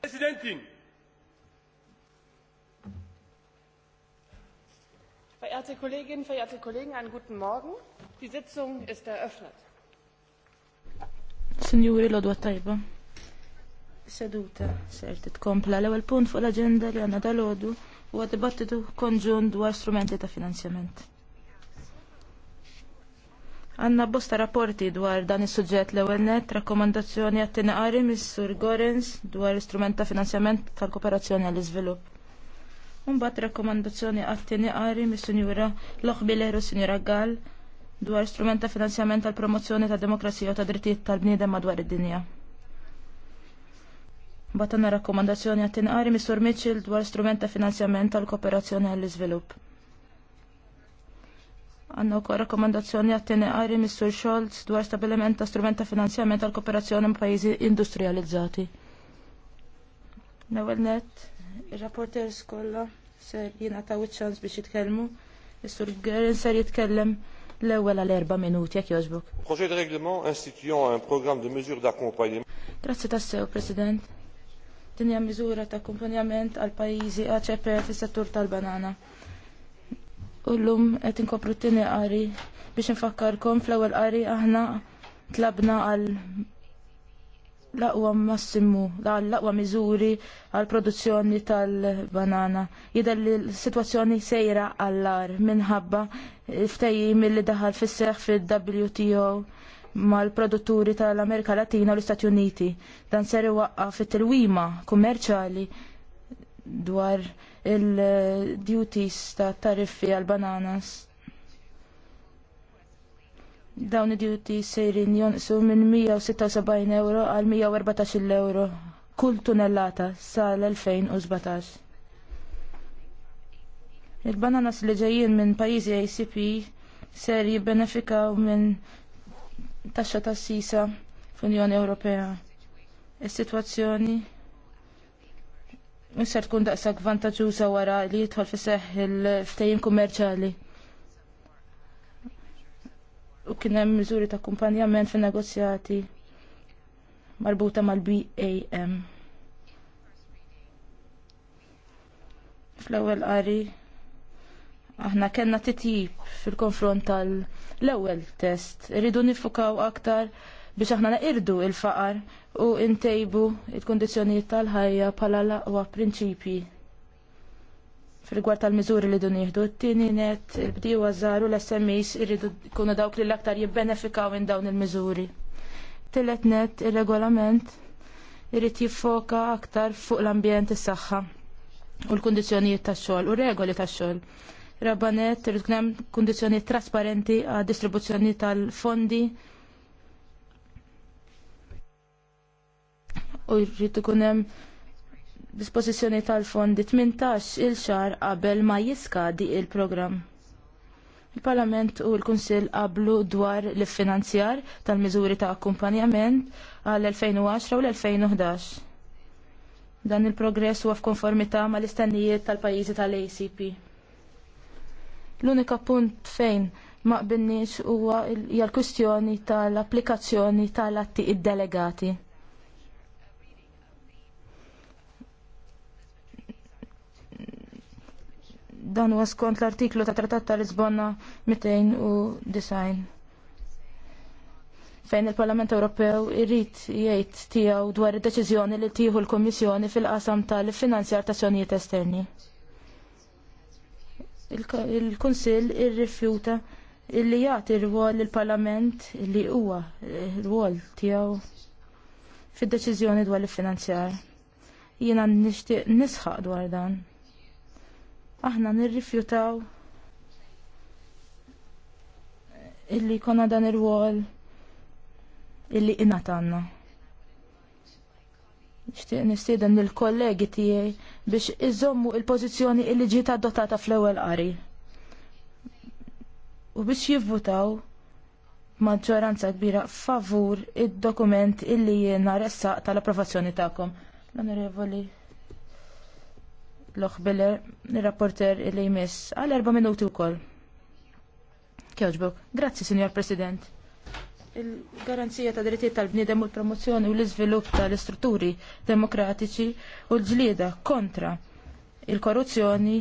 Präsidentin! Verehrte Kolleginnen, verehrte Kollegen, einen guten Morgen. Die Sitzung ist eröffnet. Signori Lodwa Tajba. Seduta ser titkompla l-ewwel punt fuq l agenda li għandna dal u dibattitu konġun dwar strumenti ta' finanzjament. Għanna bosta rapporti dwar dan is suġġett l ewwel net, rakkomandazzjoni għattina għari mis-sur Gorens dwar istrument ta' finanzjament tal-kooperazzjoni għall-iżvilupp. Mbagħad rakkomandazzjoni għattina għari mis-sinjura Loħbileru Sinjura Gall dwar strument ta' finanzjament tal-promozzjoni ta' demokrazija u ta' drittijiet tal-bniedem madwar id-dinja. Batanna rakkomandazzjoni għattin għari Mr. Mitchell dwar strument ta' finanzjament tal-kooperazzjoni għall-iżvilupp. Għanna u rakkomandazzjoni għattin għari Mr. Scholz dwar stabiliment ta' strument ta' finanzjament tal-kooperazzjoni m'pajjiżi industrializzati. Nawel net, il-rapporters kollha ser jina ta' ċans biex jitkellmu. Mr. Gerin ser jitkellem l-ewwel għal erba' minuti jekk jogħġbok. Projet de règlement instituant un programme de mesures d'accompagnement. Grazie tassew, President tinja miżura ta' kumpanjament għal pajjiżi ACP fis-settur tal-banana. U llum qed inkopru t-tieni qari biex infakkarkom fl-ewwel qari aħna tlabna għal l-aqwa massimu, l-aqwa miżuri għal produzzjoni tal-banana. Jidher li l-situazzjoni sejra għallar minħabba ftejji mill-li daħal fis-seħ fil-WTO mal-produtturi tal-Amerika Latina u l-Istati Uniti. Dan ser waqqa fit-tilwima kummerċali dwar il-duties ta' tariffi għal-bananas. Dawn id-duties sejrin jonqsu minn 176 euro għal 114 euro kull tunellata sal-2017. Il-bananas li ġejjin minn pajjiżi ACP ser jibbenefikaw minn taxxa tas sisa fl-Unjoni Ewropea. Is-sitwazzjoni Misser tkun daqsak vantaġġjuża wara li jidħol fiseħħ il-ftejjin kummerċjali. U kien hemm miżuri ta' kumpanjament fin negozjati marbuta mal-BAM. Fl-ewwel qari aħna kellna titjib fil-konfront tal- L-ewwel test irridu nifukaw aktar biex aħna naqirdu il-faqar u ntejbu il kundizzjonijiet tal-ħajja bħala laqwa prinċipji. Fil-gwar tal-miżuri li dun jihdu. t-tieni net, il-bdiewa għazzaru l-SMEs irridu jkunu dawk li l-aktar jibbenefikaw minn dawn il-miżuri. Tillet net ir-regolament irrid jiffoka aktar fuq l-ambjent is-saħħa u l-kundizzjonijiet tax-xogħol u regoli tax-xogħol rabanet, trid tkun hemm kundizzjonijiet trasparenti għad distribuzzjoni tal-fondi. U jrid ikun hemm dispożizzjoni tal-fondi 18 il xahar qabel ma jiskadi il-programm. Il-Parlament u l-Kunsill qablu dwar l-finanzjar tal-miżuri ta' akkumpanjament għal 2010 u l-2011 dan il-progress huwa f'konformità mal-istennijiet tal-pajjiżi tal-ACP. L-unika punt fejn ma qbilniex huwa hija l-kwistjoni tal-applikazzjoni tal-atti id-delegati. Dan huwa skont l-artiklu ta' Trattat ta' Lisbonna 209 fejn il-Parlament Ewropew irrid jgħid tiegħu dwar id-deċiżjoni li tieħu l-Kummissjoni fil-qasam tal-finanzjar ta' Sjonijiet esterni il-Kunsill irrifjuta illi jagħti rwol lill-Parlament li huwa eh, rwol tiegħu fid-deċiżjoni dwar il-finanzjar. Jiena nixtieq nisħaq dwar dan. Aħna nirrifjutaw illi jkollna dan ir-rwol illi għandna. Nixtieq nistieden lill-kollegi tiegħi biex iżommu il-pożizzjoni li ġiet adottata fl-ewwel qari. U biex jivvutaw maġġoranza kbira favur id-dokument illi jiena ressaq tal-approvazzjoni tagħkom. L-Onorevoli Loch Biller, il-rapporter illi jmiss, għal erba minuti wkoll. Kewġbok, grazzi, Signor President. Il-garanzija ta' drittijiet tal-bniedem u l-promozzjoni u l-iżvilupp tal-istrutturi demokratiċi u l-ġlieda kontra il-korruzzjoni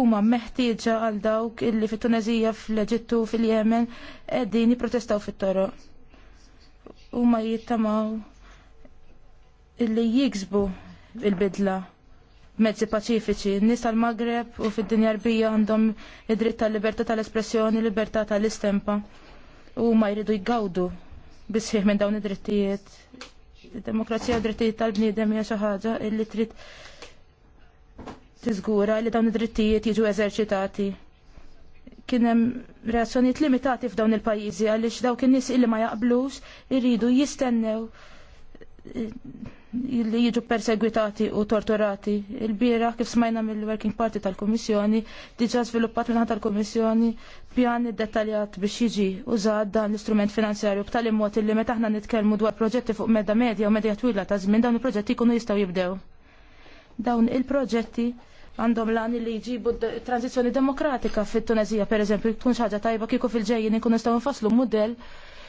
huma meħtieġa għal dawk illi fit-Tunezija, fl-Eġittu, fil-Jemen qegħdin jipprotestaw fit-toroq. Huma jittamaw illi jiksbu il-bidla mezzi paċifiċi. Nis tal-Magreb u fid-dinja rbija għandhom id-dritt tal-libertà tal-espressjoni, libertà tal espressjoni libertà libertà tal istempa u ma jridu jgawdu bisħiħ minn dawn id-drittijiet. Id-demokrazija u drittijiet tal-bniedem hija xi ħaġa li trid tiżgura li dawn id-drittijiet jiġu eżerċitati. Kien hemm reazzjonijiet limitati f'dawn il-pajjiżi għaliex dawk in-nies illi ma jaqblux iridu jistennew eh, li jiġu persegwitati u torturati. Il-bira kif smajna mill-Working Party tal kummissjoni diġa sviluppat minna tal kummissjoni pjan dettaljat biex jiġi użad dan l-istrument finanzjarju b'tali mod li meta aħna nitkellmu dwar proġetti fuq medda medja u medja twila ta' żmien dawn il-proġetti jkunu jistgħu jibdew. Dawn il-proġetti għandhom lan li jġibu tranzizjoni demokratika fit-Tunezija, per eżempju, tkun xaġa tajba kieku fil-ġejjin ikun nistgħu nfasslu mudell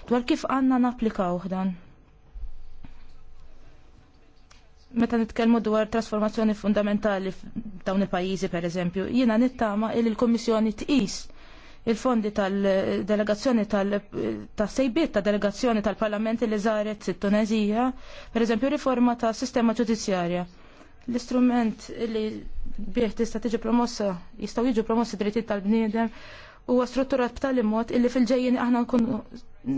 dwar kif għandna napplikaw dan. Meta nitkellmu dwar trasformazzjoni fundamentali f'dawn il-pajjiżi, per eżempju, jiena nittama il l kummissjoni tqis il-fondi tal-delegazzjoni tal-sejbiet ta' delegazzjoni tal-parlamenti li zaret it-Tunezija, per eżempju riforma ta' sistema ġudizzjarja. L-istrument li bieħ tista' tiġi promossa, jistgħu jiġu promossi drittijiet tal-bniedem huwa strutturat b'tali mod illi fil-ġejjin aħna nkunu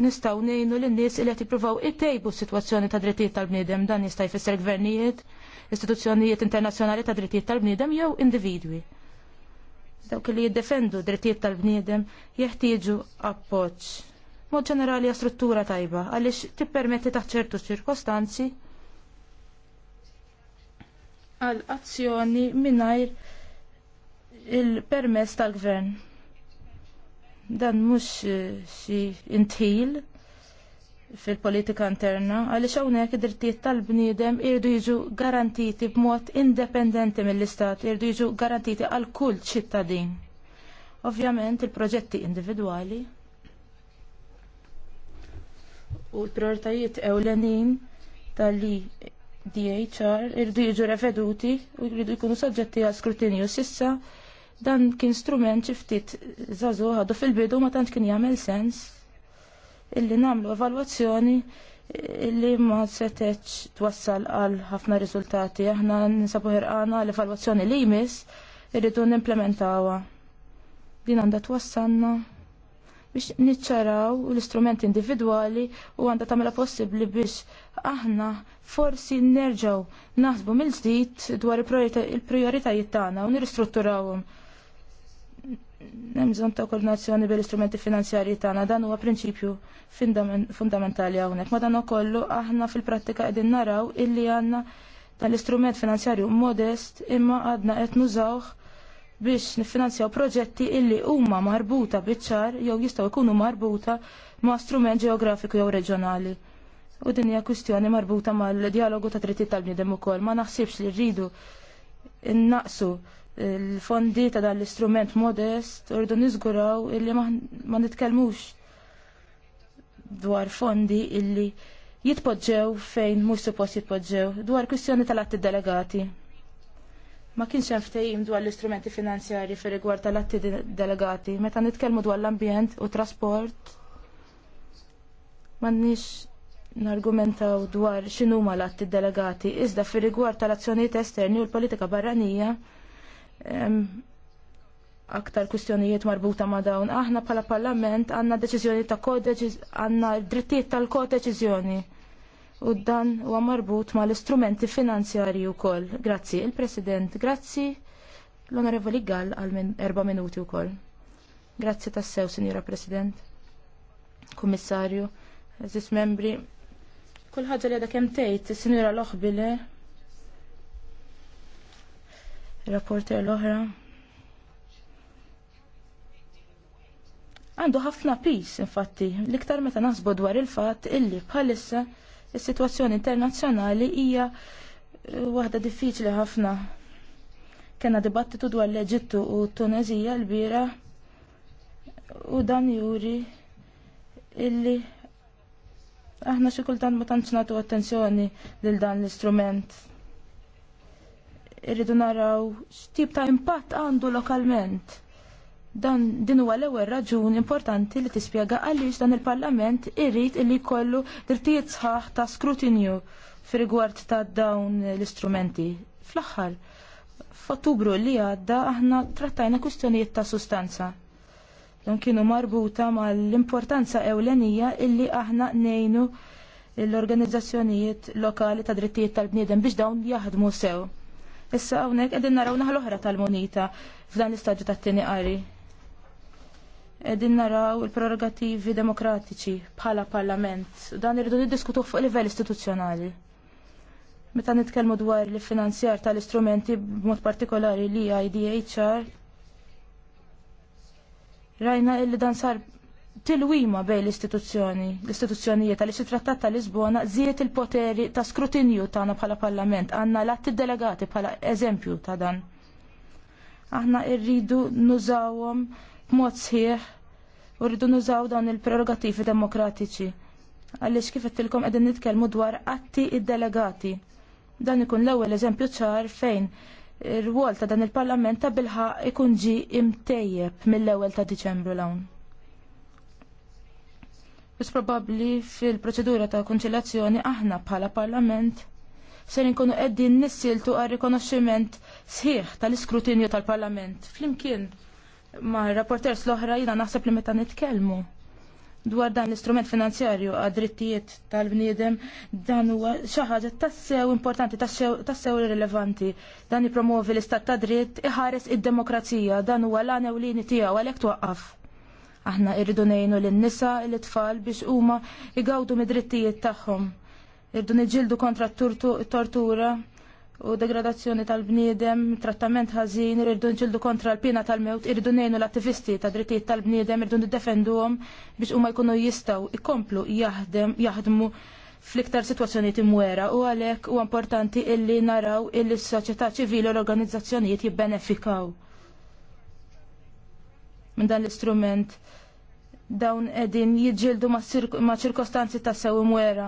nistgħu ngħinu lin-nies illi għati provaw ittejbu s-sitwazzjoni ta' drittijiet tal-bniedem dan jista' jfisser gvernijiet, istituzzjonijiet internazzjonali ta' drittijiet tal-bniedem jew individwi dawk li jiddefendu drittijiet tal-bniedem jeħtieġu appoġġ. Mod ġenerali hija struttura tajba għaliex tippermetti taħt ċertu ċirkostanzi għal azzjoni mingħajr il-permess tal-gvern. Dan mhux eh, xi intħil fil-politika interna għaliex hawnhekk id-drittijiet tal-bniedem irdu jiġu garantiti b'mod indipendenti mill-istat, irdu jiġu garantiti għal kull ċittadin. Ovvjament il-proġetti individwali u l-prioritajiet ewlenin tal-li DHR irdu jiġu reveduti u jridu jkunu soġġetti għal skrutinju sissa dan kien strument ċiftit zazu għadu fil-bidu ma tant kien jagħmel sens illi namlu evalwazzjoni illi ma setteċ twassal għal ħafna riżultati. Aħna ninsabu ħirqana l-evalwazzjoni li jmiss irridu nimplementawa. Din għandha twassalna biex niċċaraw l-istrumenti individwali u għandha tamela possibbli biex aħna forsi nerġgħu naħsbu mill-ġdid dwar il prioritajiet tagħna u nirristrutturawhom nemżon bżonn ta' koordinazzjoni bil-istrumenti finanzjarji tagħna dan huwa prinċipju fundamentali hawnhekk. Ma dan ukollu aħna fil-prattika qegħdin naraw illi għandna tal-istrument finanzjarju modest imma għadna qed nużawh biex nifinanzjaw proġetti illi huma marbuta biċ-ċar jew jistgħu jkunu marbuta ma' strument ġeografiku jew reġjonali. U din hija kwistjoni marbuta mal-dialogu ta' trittijiet tal-bniedem ukoll. Ma naħsibx li rridu innaqsu il-fondi ta' dan l-istrument modest rridu niżguraw illi ma nitkellmux dwar fondi illi jitpoġġew fejn mhux suppost jitpoġġew dwar kwistjoni tal-atti delegati. Ma kienx hemm ftehim dwar l-istrumenti finanzjari fir rigward tal-atti delegati meta nitkellmu dwar l-ambjent u trasport m'għandniex nargumentaw dwar x'inhuma l-atti delegati iżda fir rigward tal-azzjonijiet esterni u l-politika barranija aktar kustjonijiet marbuta ma' dawn. Aħna bħala parlament għanna deċiżjoni ta' għanna drittijiet tal-kod deċizjoni. U dan huwa marbut ma' l-istrumenti finanzjarji wkoll. Grazzi, il-President, grazzi l-Onorevoli Gall għal minn erba' minuti wkoll. Grazzi tassew, Sinjora President, Kummissarju, Eżis Membri. Kull li għadha kemm tgħid, Sinjura Loħbile, rapporter l-oħra. Għandu ħafna pis, infatti, l-iktar meta nasbu dwar il-fat illi bħalissa is-sitwazzjoni internazzjonali hija eh, waħda diffiċli ħafna. Kena dibattitu dwar l-Eġittu u Tunezija l-bira u dan juri illi aħna xi ma tantx nagħtu attenzjoni lil dan l-istrument irridu naraw x'tip ta' impatt għandu lokalment. Dan din huwa l-ewwel raġun importanti li tispjega għaliex dan il-Parlament irrid illi jkollu drittijiet sħaħ ta' skrutinju fir-rigward ta' dawn l-istrumenti. Fl-aħħar, f'Ottubru li għadda aħna trattajna kwistjonijiet ta' sustanza. Dan kienu marbuta mal-importanza ewlenija illi aħna nejnu l-organizzazzjonijiet lokali ta' drittijiet tal-bniedem biex dawn jaħdmu sew Issa hawnhekk qegħdin naraw naħa oħra tal-munita f'dan l ta' tat-tieni qari. Qegħdin naraw il-prerogativi demokratiċi bħala parlament dan irridu niddiskutuh fuq livell istituzzjonali. Meta nitkellmu dwar li finanzjar tal-istrumenti b'mod partikolari li IDHR, rajna illi dan sar tilwima bej l-istituzzjoni, l-istituzzjonijiet għal trattat ta' Lisbona żiet il-poteri ta' skrutinju tagħna bħala Parlament, għandna l-atti delegati bħala eżempju ta' dan. Aħna rridu nużawhom b'mod sħiħ u rridu nużaw dawn il-prerogativi demokratiċi. Għaliex kif qedtilkom qegħdin nitkellmu dwar atti id-delegati. Dan ikun l-ewwel eżempju ċar fejn ir-rwol ta' dan il-Parlament ta' bilħa ikun ġi imtejjeb mill-ewwel ta' Diċembru l-hawn. Is probabbli fil-proċedura ta' konċilazzjoni aħna bħala Parlament ser nkunu qegħdin nissieltu għal rikonoxximent sħiħ tal-iskrutinju tal-Parlament. Flimkien ma' rapporters l-oħra jiena naħseb li meta nitkellmu dwar dan l-istrument finanzjarju għad drittijiet tal-bniedem dan huwa xi ħaġa tassew importanti, tassew rilevanti. Dan ipromovi l-istat ta' dritt, iħares id-demokrazija, dan huwa l-għana lini tiegħu għalhekk twaqqaf. Aħna irridu nejnu l-nisa, l-tfal biex huma igawdu mid-drittijiet tagħhom. Irridu niġildu kontra t-tortura u degradazzjoni tal-bniedem, trattament ħażin, irridu nġildu kontra l-pina tal-mewt, irridu nejnu l-attivisti ta' drittijiet tal-bniedem, irridu niddefenduhom biex huma jkunu jistgħu ikomplu jaħdmu fl-iktar situazzjoni timwera u għalhekk huwa importanti illi naraw illi s-soċjetà ċivili u l-organizzazzjonijiet jibbenefikaw minn dan l-istrument dawn edin jidġildu ma' ċirkostanzi ta' sew imwera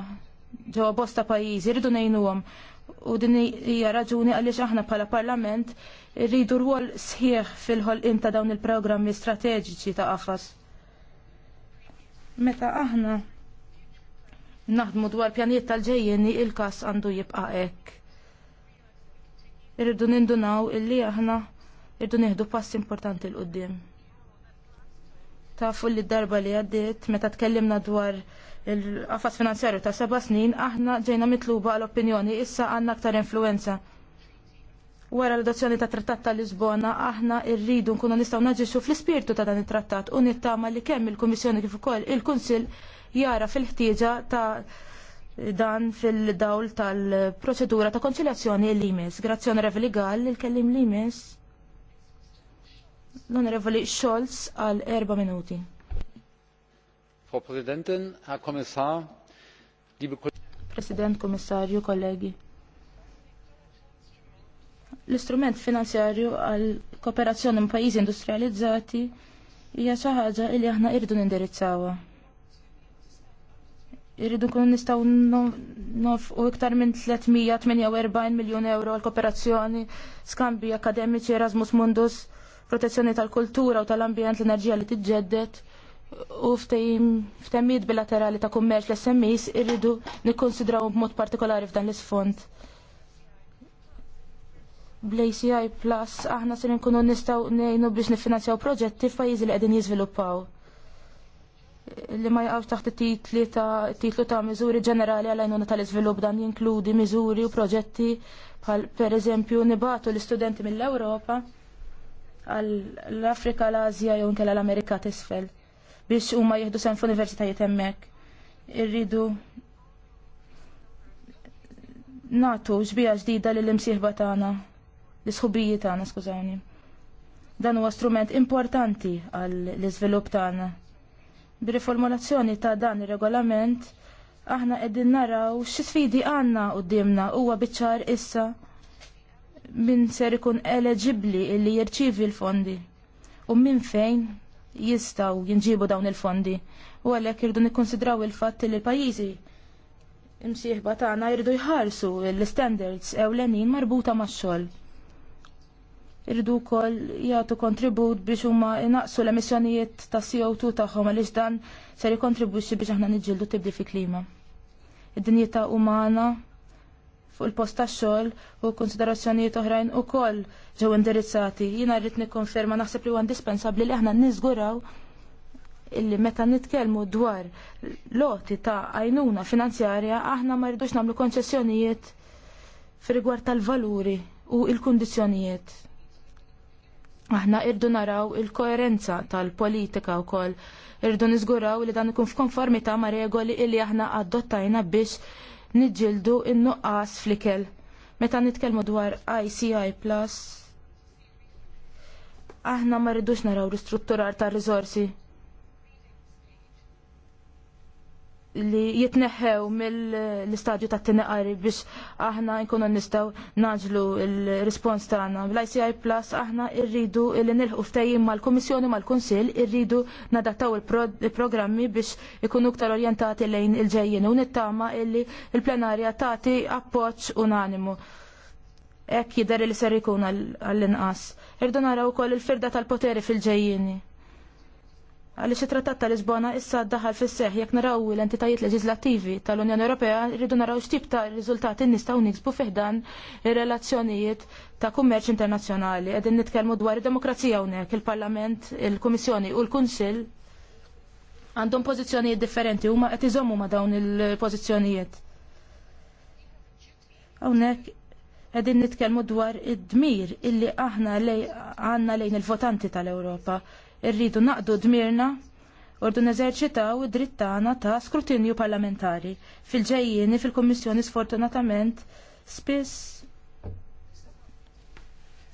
ġewwa bosta pajjiżi, rridu ngħinuhom. U din hija raġuni għaliex aħna bħala Parlament rridu rwol sħiħ fil-ħolqien ta' dawn il-programmi strateġiċi ta' qafas. Meta aħna naħdmu dwar pjanijiet tal-ġejjeni il-każ għandu jibqa' hekk. Irridu nindunaw illi aħna irridu nieħdu pass importanti l-qudiem. Tafu li darba li għaddit, meta tkellimna dwar il-qafas finanzjarju ta' seba' snin, aħna ġejna mitluba għal-opinjoni, issa għanna aktar influenza. Wara l-adozzjoni ta' trattat ta' Lisbona, aħna rridu nkunu nistgħu naġixxu fl-ispirtu ta' dan it-trattat u nittama li kemm il-Kummissjoni kif ukoll il-Kunsill jara fil-ħtieġa ta' dan fil-dawl tal-proċedura ta' konċiljazzjoni l-limes. Grazzjoni Reveli Gall, il-kellim limes l-Onorevoli Scholz għal erba minuti. Frau Präsidentin, Herr Kommissar, liebe President, Kommissarju, kollegi. L-istrument finanzjarju għal kooperazzjoni ma' pajjiżi industrializzati hija xi ħaġa li aħna irridu nindirizzawha. Irridu nkunu nistgħu nofqu iktar minn 348 miljun euro għal kooperazzjoni, skambi akademiċi Erasmus Mundus protezzjoni tal-kultura u tal-ambjent l-enerġija li tiġġeddet u f'temmijiet bilaterali ta' kummerċ l-SMEs irridu nikkonsidraw b'mod partikolari f'dan l-isfond. Bl-ACI Plus aħna se nkunu nistgħu ngħinu biex nifinanzjaw proġetti f'pajjiżi li qegħdin jiżviluppaw li ma jgħawx taħt titli ta' titlu ta' miżuri ġenerali għal għajnuna tal-iżvilupp dan jinkludi miżuri u proġetti bħal pereżempju nibatu l-istudenti mill-Ewropa l afrika l-Azja jew nkella l-Amerika t'isfel biex huma jieħdu sem f'universitajiet hemmhekk. Irridu natu ġbija ġdida lill imsieħba tagħna, l-isħubijiet tagħna, skużawni. Dan huwa strument importanti għall-iżvilupp tagħna. Bir-riformulazzjoni ta' dan ir-regolament aħna qegħdin naraw xi għandna qudiemna huwa biċ-ċar issa min ser ikun eleġibli illi jirċivi l-fondi u minn fejn jistaw jinġibu dawn il-fondi u għalhekk jirdu nikkonsidraw il-fatt li l-pajjiżi imsieħba tagħna jridu jħarsu l-standards ewlenin marbuta max-xogħol. Irdu wkoll jagħtu kontribut biex huma inaqsu l-emissjonijiet ta' CO2 tagħhom għaliex dan ser jikkontribwixxi biex aħna nġildu tibdi fi klima. Id-dinjità umana fuq il-post tax-xogħol u konsiderazzjonijiet oħrajn ukoll ġew indirizzati. Jiena rrid nikkonferma naħseb li huwa indispensabbli li aħna niżguraw illi meta nitkellmu dwar loti ta' għajnuna finanzjarja aħna ma rridux nagħmlu konċessjonijiet fir-rigward tal-valuri u l-kundizzjonijiet. Aħna irdu naraw il-koerenza tal-politika wkoll, irdu niżguraw li dan ikun f'konformità ma' regoli illi aħna adottajna biex niġġieldu in-nuqqas fl-ikel. Meta nitkellmu dwar ICI Plus, aħna ma rridux naraw l-istrutturar ta' riżorsi li jitneħħew mill-istadju ta' t-tinqari biex aħna nkunu nistaw naġlu il-respons tagħna. Bl-ICI Plus aħna irridu li nilħu ftejjim mal-Kummissjoni mal-Kunsill irridu nadattaw il-programmi biex ikunu ktar orjentati lejn il-ġejjin u nittama illi il-plenarja tagħti appoġġ unanimu. Ekk jidher li ser ikun għall-inqas. Irdu naraw ukoll il-firda tal-poteri fil-ġejjini. Għaliex it-Trattat ta' Lisbona issa daħal fis seħħ jekk naraw l-entitajiet leġizlativi tal-Unjoni Ewropea rridu naraw xtib ta' riżultati nistgħu niksbu fiħdan ir-relazzjonijiet ta' kummerċ internazzjonali. Qegħdin nitkellmu dwar id-demokrazija hawnhekk, il-Parlament, il-Kummissjoni u l-Kunsill għandhom pożizzjonijiet differenti huma qed għetizomu ma' dawn il-pożizzjonijiet. Hawnhekk għedin nitkelmu dwar id-dmir illi aħna lej, għanna lejn il-votanti tal-Europa irridu naqdu dmirna ordu neżerċitaw id-dritt tagħna ta' skrutinju parlamentari. Fil-ġejjieni fil-Kummissjoni sfortunatament spiss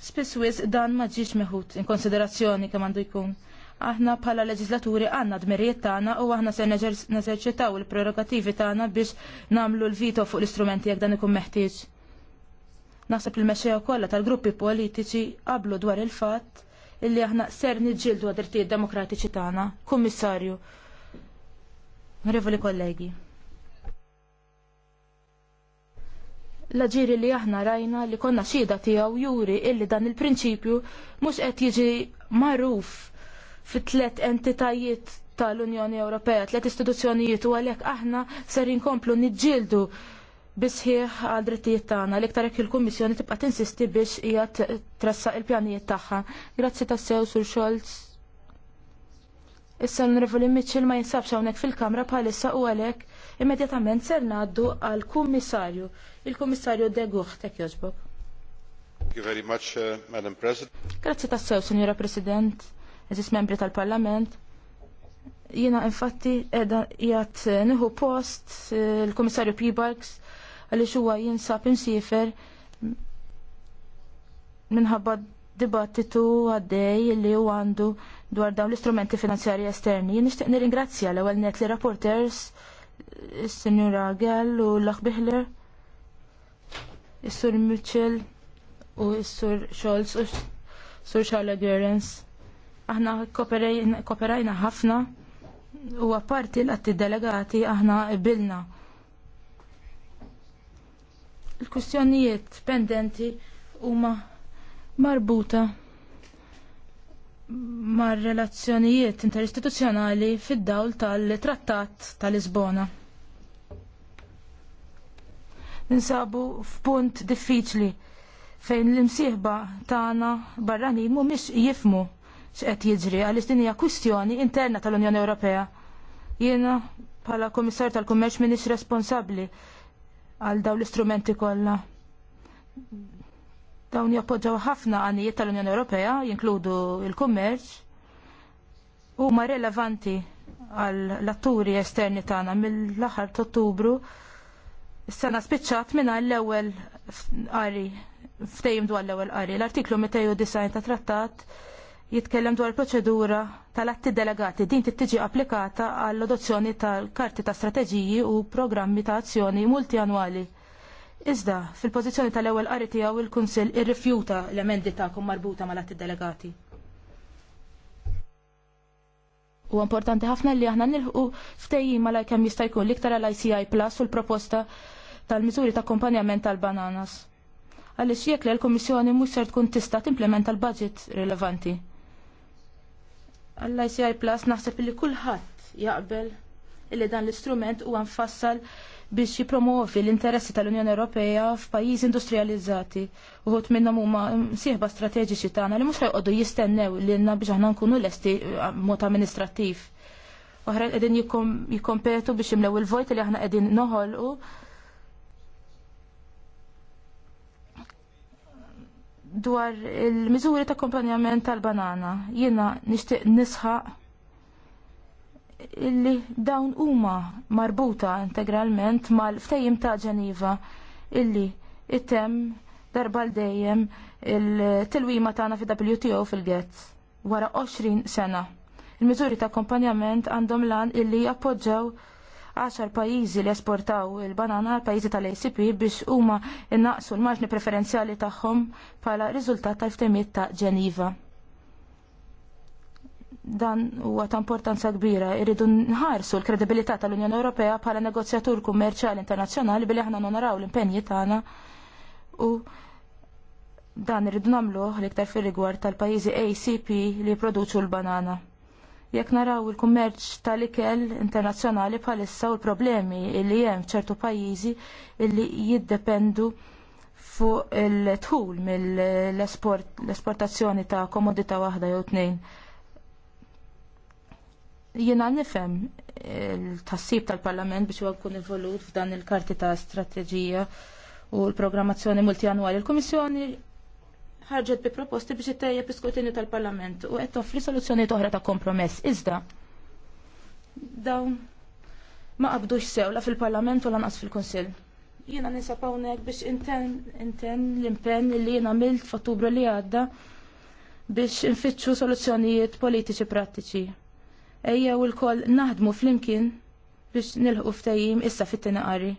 spiss wis dan ma ġiex meħud in konsiderazzjoni kemm għandu jkun. Aħna bħala leġislaturi għandna dmirijiet tagħna u aħna se neżerċitaw il-prerogativi tagħna biex nagħmlu l-vito fuq l-istrumenti jekk dan ikun meħtieġ. Naħseb il-mexxejja kollha tal-gruppi politiċi qablu dwar il-fatt illi aħna ser niġġieldu għad demokratiċi tagħna. Kummissarju, onorevoli kollegi. L-ġiri li aħna rajna li konna xhieda tiegħu juri illi dan il-prinċipju mhux qed jiġi magħruf fit-tlet entitajiet tal-Unjoni Ewropea, tliet istituzzjonijiet u għalhekk aħna ser inkomplu niġġieldu bisħieħ għal drittijiet tagħna l-iktar jekk il-Kummissjoni tibqa' tinsisti biex hija tressaq il-pjanijiet tagħha. Grazzi tassew sur Scholz. Issa l-Nrevoli Mitchell ma jinsabx hawnhekk fil-Kamra bħalissa u għalhekk immedjatament ser ngħaddu għal kummissarju, il-Kummissarju De Gucht hekk jogħġbok. Thank you very much, uh, Madam President. Grazzi tassew, Sinjura President, eżis membri tal-Parlament jina infatti edha jgħat nħu post eh, il-komissarju Pibalks għaliex huwa jinsab insifer minħabba dibattitu għaddej li u għandu dwar dawn l-istrumenti finanzjarji esterni. Jien nixtieq nirringrazzja l-ewwel net li rapporters s sinjura Gell u l-Aħ Bihler, is-Sur Mitchell u s-Sur Scholz u s-Sur Charles Gerens. Aħna kooperajna ħafna u għaparti l għatti delegati aħna qbilna il-kustjonijiet pendenti huma marbuta mar relazzjonijiet interistituzzjonali fid-dawl tal-Trattat tal-Lisbona. Ninsabu f'punt diffiċli fejn l-imsieħba tagħna barranin mis jifmu x'qed jiġri għal din hija kwistjoni interna tal-Unjoni Ewropea. Jiena bħala Komissar tal-Kummerċ m'iniex responsabbli għal daw l-istrumenti kollha. Dawn jappoġġaw ħafna għanijiet tal-Unjoni Ewropea, jinkludu il-kummerċ, huma relevanti għall atturi esterni tagħna mill-aħħar ta' Ottubru s sena spiċċat minna l-ewwel qari ftejjem dwar l-ewwel qari. L-artiklu 209 ta' trattat jitkellem dwar proċedura tal-atti delegati din tittiġi applikata għall-adozzjoni tal-karti ta' strateġiji u programmi ta' azzjoni multianwali. Iżda, fil-pożizzjoni tal-ewwel qari tiegħu il-Kunsill irrifjuta l-emendi tagħkom marbuta mal-atti delegati. U importanti ħafna li aħna nilħu ftejjim mala kemm jista' jkun l-iktar l ICI Plus u l-proposta tal-miżuri ta' kompanjament tal-bananas. Għaliex jekk l-Komissjoni mhux ser tkun tista' timplementa l-budget rilevanti għall-ICI Plus naħseb li kulħadd jaqbel illi dan l-istrument huwa għanfassal biex jipromovi l-interessi tal-Unjoni Ewropea f'pajjiżi industrializzati uħut minnhom huma sieħba strateġiċi tagħna li mhux ħajqogħdu jistennew lilna biex aħna nkunu lesti mod amministrattiv. Oħra qegħdin jikompetu biex jimlew il-vojt li aħna qegħdin noħolqu dwar il-miżuri ta' kompanjament tal-banana. Jiena nixtieq nisħaq illi dawn huma marbuta integralment mal-ftejjim ta' Ġeniva illi item darba l-dejjem il-tilwima tagħna fi WTO fil-Getz wara 20 sena. Il-miżuri ta' kompanjament għandhom lan illi jappoġġaw Għaxar pajjiżi li esportaw il-banana għal pajjiżi tal-ACP biex huma innaqsu l-marġni preferenzjali tagħhom bħala riżultat tal-ftemiet ta' Ġeniva. Dan huwa ta' importanza kbira, irridu nħarsu l-kredibilità tal-Unjoni Ewropea bħala negozjatur kummerċjali internazzjonali billi aħna nonoraw l-impenji tagħna u dan irridu nagħmluh l-iktar fir-rigward tal-pajjiżi ACP li jipproduċu l-banana. Jekk naraw il-kummerċ tal-ikel internazzjonali bħalissa u l-problemi li hemm ċertu pajjiżi li jiddependu fuq il-tħul mill-esportazzjoni ta' komodità waħda jew tnejn. Jiena nifhem il-tassib tal-Parlament biex kun jkun involut f'dan il-karti ta' strateġija u l-programmazzjoni multianwali. Il-Kummissjoni ħarġet bi proposti biex ittejjeb iskutini tal-Parlament u qed toffri soluzzjonijiet oħra ta' kompromess. Iżda dawn ma qabdux sewla fil-Parlament u lanqas fil-Kunsill. Jiena ninsab hawnhekk biex inten inten l-impenn li jiena għamilt f'Ottubru li għadda biex infittxu soluzzjonijiet politiċi prattiċi. Ejja u l-koll naħdmu fl-imkien biex nilħu ftajim issa fit-tinaqari.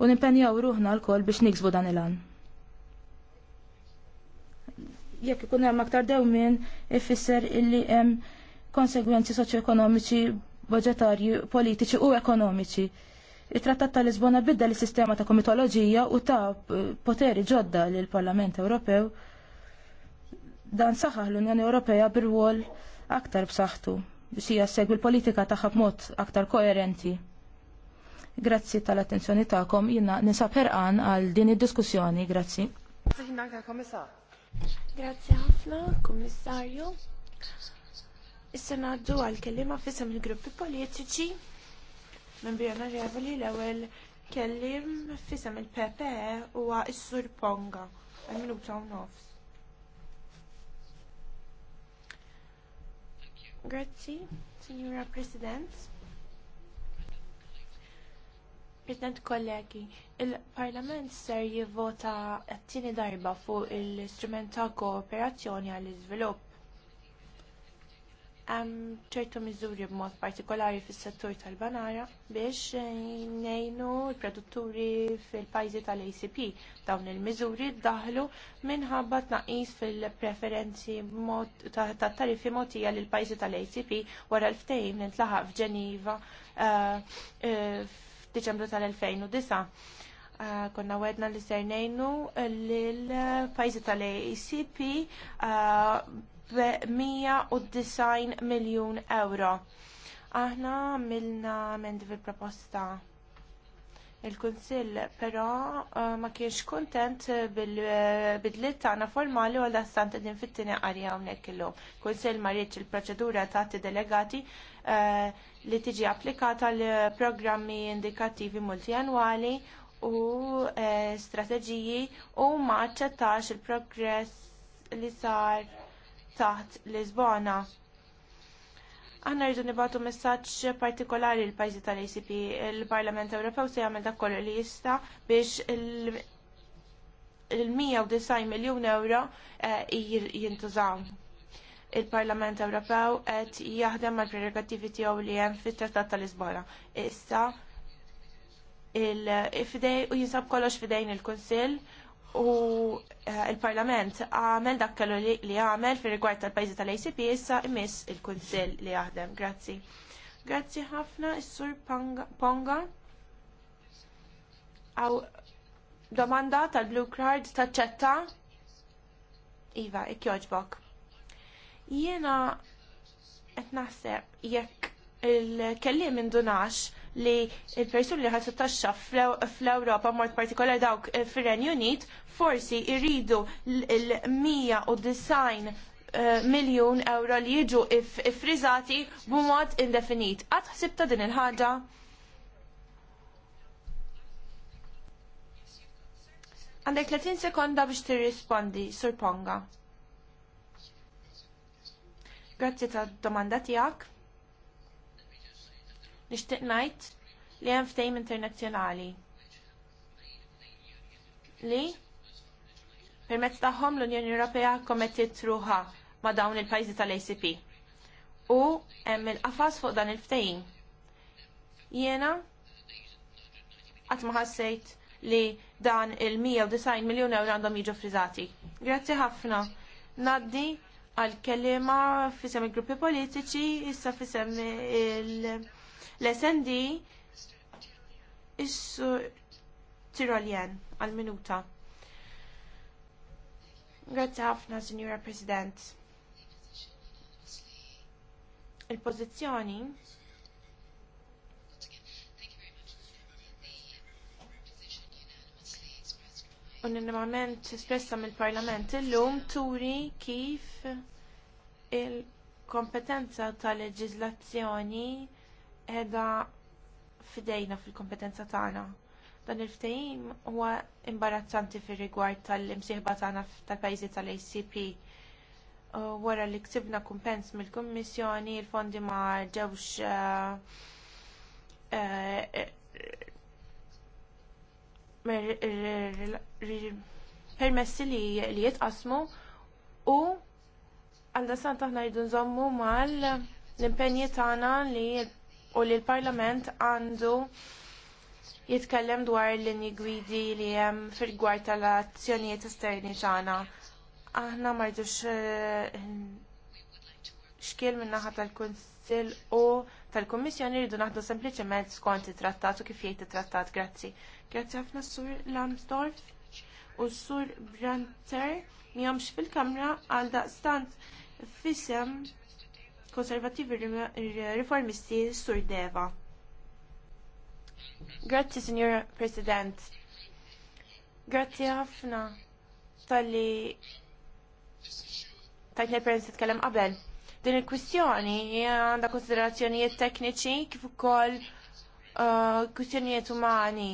U nimpenjaw ruħna l-koll biex niksbu dan il-għan jekk ikun hemm aktar dewmien ifisser illi hemm konsegwenzi soċjoekonomiċi, budgetarji, politiċi u ekonomiċi. Il-Trattat ta' Lisbona bidda l-sistema ta' komitoloġija u ta' poteri ġodda lill parlament Ewropew dan saħħa l-Unjoni Ewropea bir wol aktar b'saħħtu biex hija segwi l-politika tagħha b'mod aktar koerenti. Grazzi tal-attenzjoni tagħkom jiena nisab ħerqan għal din id-diskussjoni, grazzi. Grazie ħafna, Kummissarju. Issa naddu għal-kellima fissam il-gruppi politiċi. Membri onorevoli l-ewel kellim fissam il-PPE u għis-sur Ponga. Għal-minuta u nofs. Grazie, Signora President. President kollegi, il-Parlament ser jivvota għattini darba fuq il-strument ta' kooperazzjoni għall iżvilupp Hemm ċertu miżuri b'mod partikolari fis-settur tal-banara biex ngħinu l-produtturi fil-pajjiżi tal-ACP. Dawn il-miżuri ddaħlu minħabba tnaqqis fil-preferenzi ta' tariffi mogħtija lill pajjiżi tal-ACP wara l-ftehim nintlaħaq f'Ġeniva eh, eh, f'Diċembru tal-2009. Uh, konna wedna li ser nejnu l-pajzi tal-ACP uh, ah, b miljon euro. Aħna milna mendi fil-proposta il-Kunsill, però uh, ma kienx kuntent bil-bidlit tagħna formali u għal dastant din fit-tieni qarja hawnhekk illum. Kunsill ma rridx il-proċedura ta' delegati Eh, li tiġi applikata l programmi indikattivi multianwali u eh, strateġiji u ma aċċettax il-progress li sar taħt Lisbona. Aħna rridu nibatu messaġġ partikolari l pajjiżi tal-ACP. Il-Parlament Ewropew se jagħmel dak kollu li jista' biex il-190 miljun euro eh, jintużaw il-Parlament Ewropew qed jaħdem mal prerogattivi tiegħu li hemm fit-Trattat tal Lisbona. Issa il-fidej u jinsab kollox fidejn il-Kunsill u eh, il-Parlament għamel dak kellu li għamel fir rigward tal pajzi tal-ACP issa imiss il-Kunsill li jaħdem. Grazzi. Grazzi ħafna is-Sur Ponga. Aw domanda tal-Blue Card taċċetta? Iva, ikjoġbok. Jiena qed naħseb jekk il-kelli indunax li il-persuni li ħassu taxxa fl-Europa mod partikolari dawk eh, fir-Renju Unit forsi irridu l-190 eh, miljun euro li jiġu ifrizati b'mod indefinit. Qatt ħsibta din il-ħaġa? Għandek 30 sekonda biex tirrispondi, Sur Ponga. Grazzi ta' domanda tijak. Nishtiq najt li hemm ftehim internazzjonali. Li permezz tagħhom l-Unjoni Ewropea kommettit truħa ma' dawn il-pajjiżi tal-ACP. U hemm il-qafas fuq dan il-ftehim. Jiena qatt ma ħassejt li dan il-190 miljun euro għandhom jiġu frizzati. Grazzi ħafna. Naddi għal-kelima fissem il-gruppi politiċi, issa fissem l-SND, issu Tirolien għal-minuta. Grazie ħafna, Signora President. Il-pozizjoni unanimament espressa mill-Parlament illum turi kif il-kompetenza tal-leġiżlazzjoni edha fidejna fil-kompetenza tagħna. Dan il-ftehim huwa imbarazzanti fir-rigward tal-imsieħba tagħna tal-pajjiżi tal-ACP. Wara li ksibna kumpens mill-Kummissjoni, il-fondi ma ġewx eh, eh, Eh, permessi li jitqasmu u għal dasan taħna jridu nżommu mal l-impenji tagħna li u li l-Parlament għandu jitkellem dwar l-linji gwidi li hemm fil-gwar tal-azzjonijiet esterni tagħna. Aħna ma eh, xkiel min-naħa tal-Kunsill u tal-Kummissjoni rridu naħdu sempliċement skont it-trattat u kif jgħid it-trattat. Grazzi. Grazzi ħafna sur Lambsdorf u sur Branter miħomx fil-kamra għal daqstant fisem konservativi riformisti sur Deva. Grazzi, Signor President. Grazzi ħafna tal-li tajtni prezident t-tkellem qabel Din il-kwistjoni għandha konsiderazzjonijiet tekniċi kif ukoll uh, kwistjonijiet umani.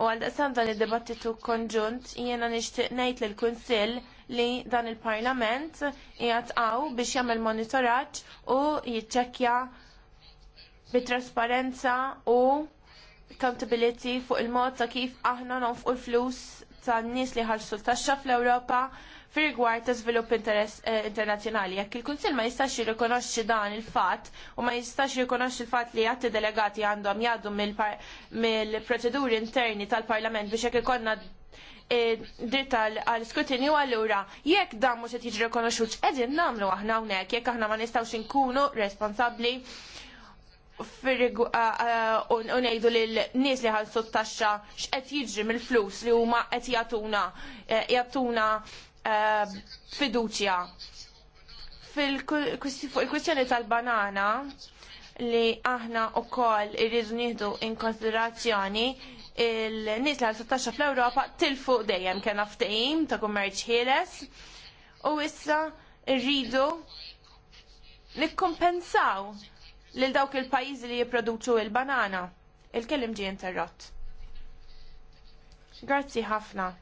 U għaldaqsam dan il-debattitu konġunt jiena nixtieq ngħid lill kunsill li dan il-Parlament jgħat biex jagħmel monitoraġġ u jiċċekkja bit-trasparenza u accountability fuq il-mod ta' kif aħna nonfqu l-flus tan nies li ħarsu taxxa fl-Ewropa fir-rigward ta' eh, internazzjonali. Jekk il-Kunsill ma jistax jirrikonoxxi dan il-fatt u ma jistax jirrikonoxxi il-fatt li għatti delegati għandhom jgħaddu mill-proċeduri interni tal-Parlament biex jekk ikonna eh, dritt għal skrutinju għallura jekk dan mhux qed jiġi rikonoxxut qegħdin nagħmlu aħna hawnhekk jekk aħna ma nistgħux inkunu responsabbli u ngħidu lil nis li għal t x'qed jiġri mill-flus li huma qed jagħtuna eh, jagħtuna Eh, fiduċja. Fil-kwistjoni tal-banana li aħna u koll irridu nieħdu in konsiderazzjoni il-nis l-16 fl-Europa tilfu dejjem kien ftehim ta' kummerċ ħieles u issa rridu nikkompensaw lil dawk il-pajjiżi li jipproduċu il-banana. Il-kellim ġie interrott. Grazzi ħafna.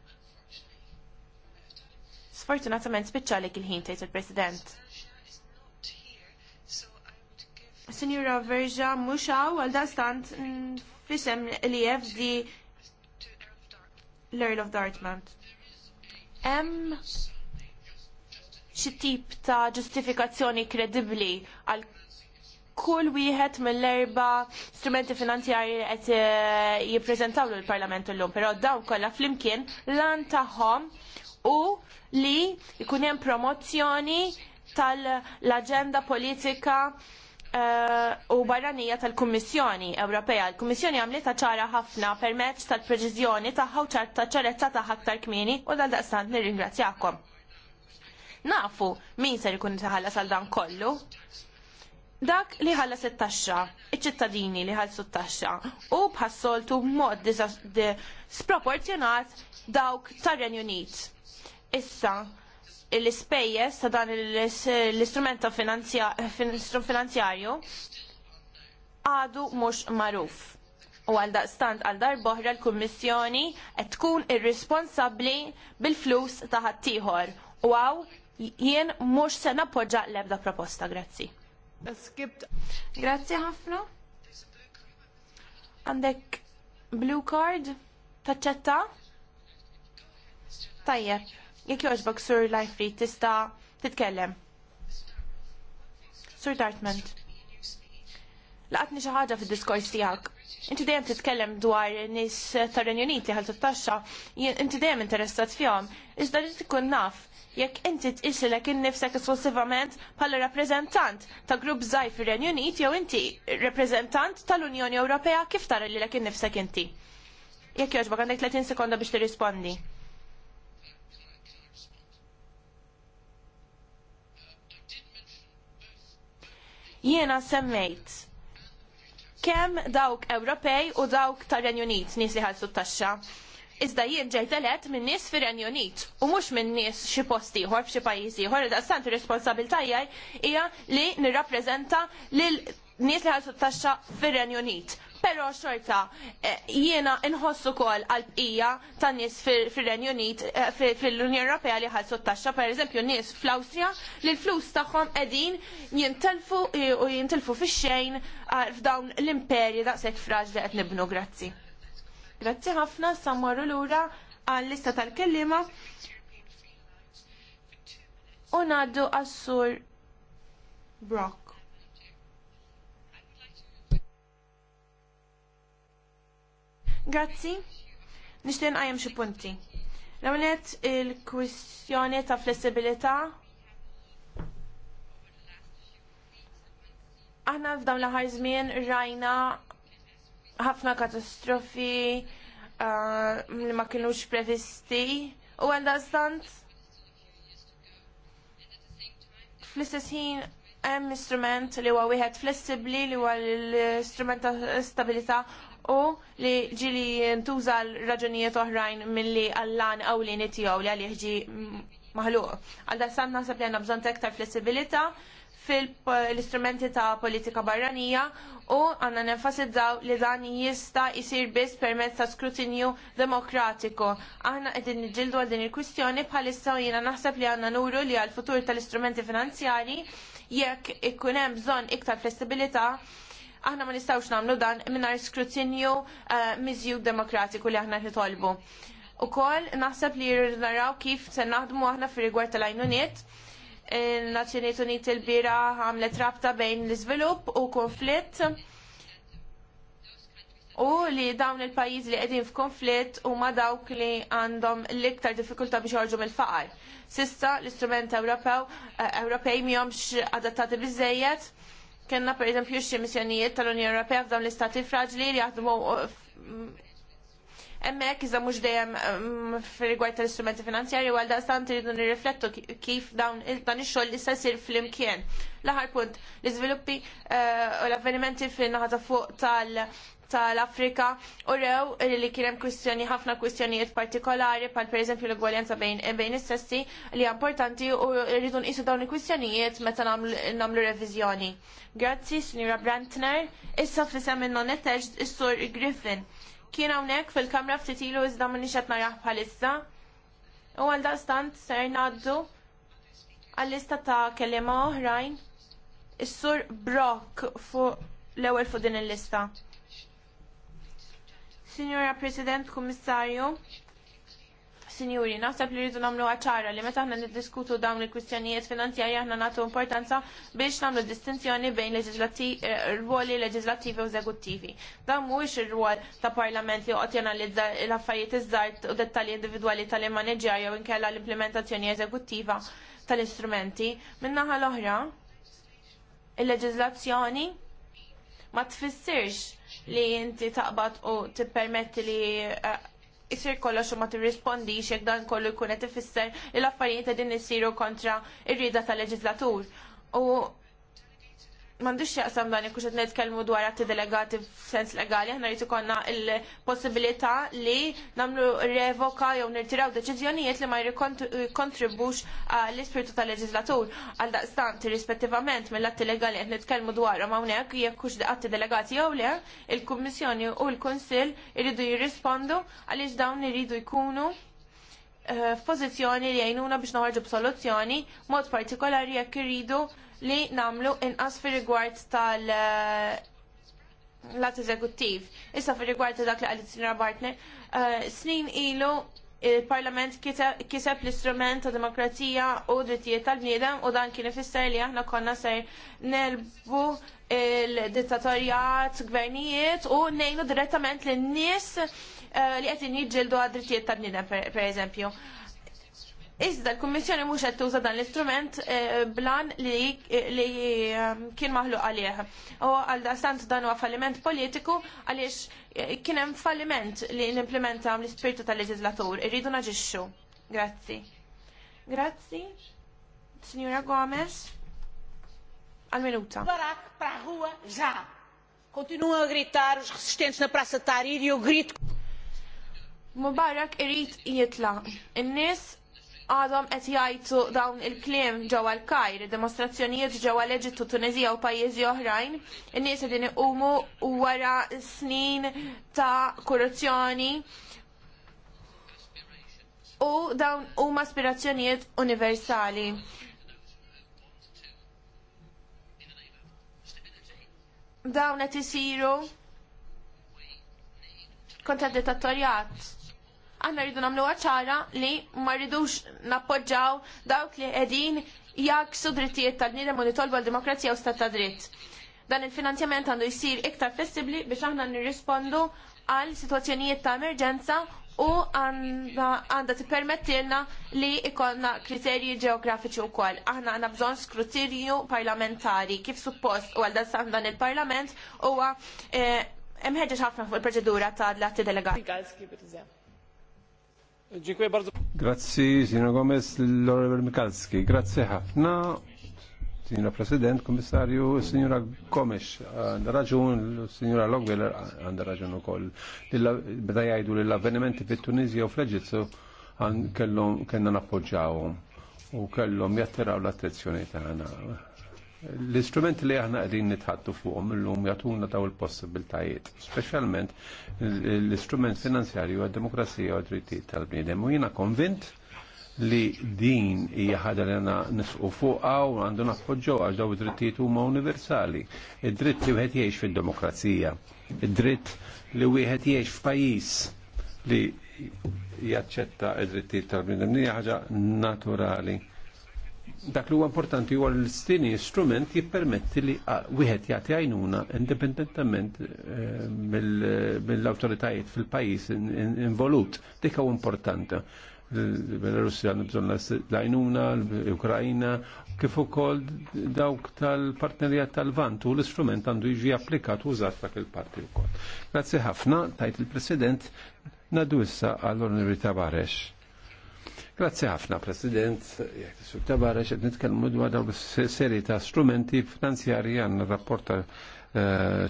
Sfortunatament spiċċali kil-ħin tgħid il-President. Sinjura Verja mhux għal dan stant fisem li di l-Earl of Dartmouth. Hemm xi tip ta' ġustifikazzjoni kredibbli għal kull wieħed mill-erba strumenti finanzjarji qed eh, jippreżentaw lill parlament llum. però dawn kollha flimkien lan tagħhom u li jkun hemm promozzjoni tal-aġenda politika eh, u uh, barranija tal-Kummissjoni Ewropea. L-Kummissjoni għamlet ċara ħafna permezz tal-preċiżjoni ta' u ċarta ċarezza ta' aktar kmieni u dal-daqstant nirringrazzjakom. Nafu min ser ikun taħallas għal dan kollu. Dak li ħallas it-taxxa, iċ-ċittadini li ħallsu t-taxxa u bħassoltu mod sproporzjonat dawk tar-Renju Unit issa l-ispejjeż ta' dan l istrumenta finanzjarju għadu mhux magħruf. U għal daqstant għal darboħra l-Kummissjoni qed tkun irresponsabbli bil-flus ta' ħaddieħor u għaw jien mhux se nappoġġa l-ebda proposta, grazzi. Grazzi ħafna. Għandek blue card taċċetta? Tajjeb. Jekk jogħġbok sur Lifri tista' titkellem. Sur Dartmouth. Laqatni xi ħaġa fid-diskors tiegħek. Inti dejjem titkellem dwar nies tar-Renju Unit li ħaltu taxxa, inti dejjem interessat fihom. Iżda li tkun naf jekk inti tqisilek innifsek esklusivament bħala rappreżentant ta' grupp żgħir fir-Renju Unit jew inti rappreżentant tal-Unjoni Ewropea kif tara lilek innifsek inti. Jekk jogħġbok għandek 30 sekonda biex tirrispondi. jiena semmejt kemm dawk Ewropej u dawk tar-Renju Unit nies li ħalsu t-taxxa. Iżda jien ġejt elett minn nies fir-Renju Unit u mhux minn nies xi post ieħor f'xi pajjiż ieħor, daqstant ir-responsabilità hija li nirrappreżenta lil nies li ħalsu t-taxxa fir-Renju Unit. Pero xorta, eh, jiena nħossu kol għal-bqija ta' nis fil-Renju Unit, eh, fil-Unjoni Ewropea li ħalsu taxxa per eżempju nis fl-Austria li l-flus tagħhom qegħdin jintelfu eh, u jintelfu fix-xejn f'dawn l sekk daqshekk li qed nibnu, grazzi. Grazzi ħafna, sammaru lura għall-lista tal-kellima u ngħaddu għas-sur Brock. Grazzi. Nishtin għajem xie punti. L-għunet il kwissjoni ta' flessibilità. Aħna f'dawn l-ħar żmien rajna ħafna katastrofi uh, li ma kienux previsti u għandastant fl-istess ħin hemm instrument li huwa wieħed flessibbli li huwa l-istrument ta' stabilità u li ġili ntuża l-raġunijiet oħrajn milli għallan għaw li nitijaw li għalli ħġi maħluq. Għalda san nasab li għanna bżon tektar flessibilita fil-istrumenti ta' politika barranija u għanna nenfasizzaw li dan jista jisir biss permezz ta' skrutinju demokratiku. Aħna qegħdin niġġieldu għal din il-kwistjoni bħalissa jiena naħseb li għandna nuru li għal futur tal-istrumenti finanzjari jekk ikun hemm bżonn iktar flessibilità aħna ma nistawx namlu dan mingħajr skrutinju eh, mizju demokratiku li aħna nitolbu. U kol, naħseb li naraw kif se naħdmu aħna fi rigward tal ajnuniet Il-Nazzjoniet Uniti l-bira għamlet rabta bejn l izvilup u konflitt. U li dawn il-pajiz li qegħdin f'konflitt u ma dawk li għandhom l-iktar diffikulta biex jorġu mill-faqar. Sista l-istrument Ewropew eh, Ewropej miħomx adattati bizzejiet kena per eżempju xi missjonijiet tal-Unjoni Ewropea f'dawn l-istati fraġli li jaħdmu eh, Emmek, iżda mux dejjem mm, fil-rigward tal-istrumenti finanzjari, għal da' iridu nirriflettu kif dawn dan ix-xogħol issa sir fl-imkien. L-aħħar punt, l-iżviluppi eh, u l-avvenimenti fil-naħata fuq tal- tal-Afrika u rew li kienem kwistjoni ħafna kwistjonijiet partikolari pal pereżempju l-egwaljanza bejn bejn sessi li hija importanti u rridu nqisu dawn il-kwistjonijiet meta nagħmlu reviżjoni. Grazzi, Sinjura Brantner. Issa fisem minn non is-Sur Griffin. Kien hawnhekk fil-kamra ftit ilu iżda m'inhiex qed narah bħalissa. U għal daqstant ser ngħaddu għall-lista ta' kelliema oħrajn. Is-Sur Brock fuq l-ewwel fuq din il-lista. Signora President, Kummissarju, Sinjuri, naħseb li rridu nagħmlu ċara li meta aħna niddiskutu dawn il-kwistjonijiet finanzjarji aħna nagħtu importanza biex nagħmlu distinzjoni bejn eh, ruoli leġislattivi u eżekuttivi. Dan mhuwiex ir-rwol ta' Parlament li qed janalizza l-affarijiet iż-żgħar u dettalji individwali tal-immaneġġjarja u nkella l-implementazzjoni eżekuttiva tal-istrumenti. Min-naħa l-oħra, il-leġiżlazzjoni ma tfissirx li inti taqbad u tippermetti li jisir eh, kollox u ma tirrispondix jekk dan kollu jkun qed ifisser il l-affarijiet din jisiru kontra ir-rieda tal-leġislatur. U M'għandux jaqsam dan jekk qed nitkellmu dwar atti delegati f'sens legali, aħna rrid konna l-possibilità li nagħmlu revoka jew nirtiraw deċiżjonijiet li ma jkontribux l-ispirtu tal-leġislatur. Għal daqstant rispettivament mill-atti legali qed nitkellmu dwarhom hawnhekk jekk hux atti delegati jew le, il-Kummissjoni u l-Kunsill iridu jirrispondu għaliex dawn iridu jkunu eh, f'pożizzjoni li jgħinuna biex noħorġu b'soluzzjoni, mod partikolari jekk irridu li namlu inqas fir rigward tal eh, lat eżekuttiv. Issa fir rigward ta' dak li t sinra partner, eh, snin ilu il-Parlament kiseb l-istrument ta' demokrazija u drittijiet tal-bniedem u dan kien ifisser li aħna konna ser nelbu il-dittatorjat, gvernijiet u nejnu direttament l-nies eh, li qed jiġġieldu għad drittijiet tal-bniedem per eżempju. Per Iżda l-Kummissjoni mhux qed tuża dan l-istrument eh, blan li, li eh, kien maħluq għalih. U għal dastant dan huwa falliment politiku għaliex eh, kien hemm falliment li nimplementaw l-ispirtu tal-leġislatur. Irridu naġixxu. Grazzi. Grazzi. Signora Gomez. Għal minuta. Barak praħuwa ġa. Kontinua gritar os resistentes na Praça Tahrir e Mubarak irrit jitla. In-nies għadhom qed jgħidu dawn il-kliem ġewwa l-Kajr, demostrazzjonijiet ġewwa l-Eġittu, Tunezija u pajjiżi oħrajn, in-nies qegħdin iqumu wara snin ta' korruzzjoni u dawn huma aspirazzjonijiet universali. Dawn qed isiru kontra dittatorjat aħna rridu nagħmlu ċara li ma rridux nappoġġaw dawk li qegħdin jak drittijiet tal-bniedem u li tolbu l-demokrazija u stat ta' dritt. Dan il-finanzjament għandu jsir iktar flessibbli biex aħna nirrispondu għal situazzjonijiet ta' emerġenza u għanda t-permettilna li ikonna kriterji ġeografiċi u Aħna għanna bżon skrutinju parlamentari, kif suppost u għal dan dan il-parlament u għemħedġa eh, ħafna fuq il-proċedura ta' l-atti delegati. Dziękuję bardzo. Grazie, Sino Gomez, Lorel Mikalski. Grazie, Hafna. Signora President, Commissario, Signora Gomes, għanda raġun, Signora Logwell għanda raġun u koll. Beda jajdu li l-avvenimenti fit tunizja u fl-Eġitzu kellom kena nappoġġawum u kellom jattiraw l-attenzjoni tagħna l-istrumenti li aħna qegħdin nitħattu fuqhom illum jagħtuna daw il-possibiltajiet, speċjalment l-istrument finanzjarju għad-demokrazija u drittijiet tal-bniedem. U jiena konvint li din hija ħaġa li għandna nisqu fuqha u għandu nappoġġew għax daw id-drittijiet huma universali. Id-dritt li wieħed jgħix fid-demokrazija, id-dritt li wieħed jgħix f'pajjiż li jaċċetta id-drittijiet tal-bniedem hija ħaġa naturali dak li huwa importanti huwa l-stini strument jippermetti li ah, wieħed jagħti għajnuna indipendentament eh, mill-awtoritajiet fil-pajjiż involut. Dik huwa importanti. Belarusja għandna bżonn l-għajnuna, l-Ukrajna, kif ukoll dawk tal-partnerijat tal vantu l-istrument għandu jiġi applikat użat dak il-parti wkoll. Grazzi ħafna, tajt il-President, nadu issa għall-Onorita Barex. Grazie ħafna, President. Jek tisur tabara xed nitkellmu dwar dawk s seri ta' strumenti finanzjari għan rapporta eh,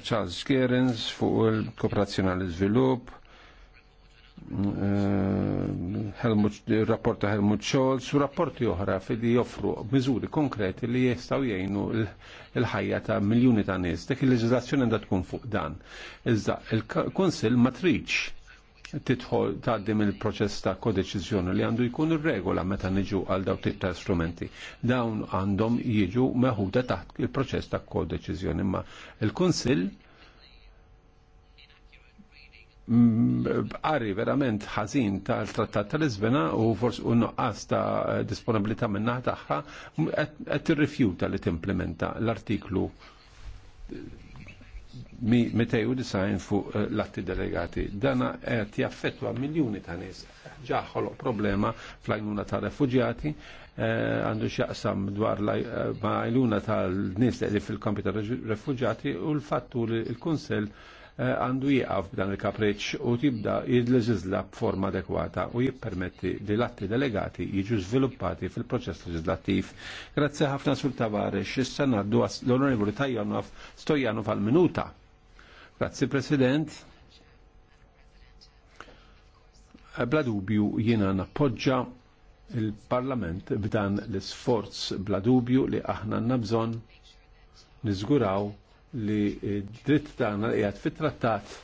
Charles Gerens fuq il-kooperazzjoni għall-iżvilupp, eh, rapport Helmut Scholz u rapporti oħra fidi joffru miżuri konkreti li jistaw jgħinu il-ħajja ta' miljoni ta' nies. Dek il leġizazzjoni għandha tkun fuq dan. Iżda il konsil matriċ titħol taddim il-proċess ta' kodeċizjoni li għandu jkun ir-regola meta niġu għal daw tip ta' strumenti. Dawn għandhom jiġu meħuda taħt il-proċess ta' kodeċizjoni imma il-Kunsill għari verament ħażin tal-trattat tal-Lisbena u fors u nuqqas ta' disponibilità minnaħ tagħha qed tirrifjuta li timplementa l-artiklu disajn fuq eh, l-atti delegati. Dana qed jaffettwa miljuni ta' nies. Ġaħħol problema fl-għajnuna ta' refugjati, eh, għandu xaqsam dwar eh, ma' għajnuna tal nis li fil-kampi ta' refugjati u l-fattu li l-Kunsel għandu jieqaf dan il-kapreċ u tibda jidleġizla b'forma adekwata u jippermetti li l-atti delegati jiġu sviluppati fil-proċess leġislattiv. Grazzi ħafna sul tavarex, issa naddu l-onorevoli Tajjanov stojjanu għal-minuta. Grazzi President. Eh, bla dubju jiena nappoġġa il-Parlament b'dan l isforz bla dubju li aħna nabżon niżguraw li dritt tagħna li qiegħed fit-trattat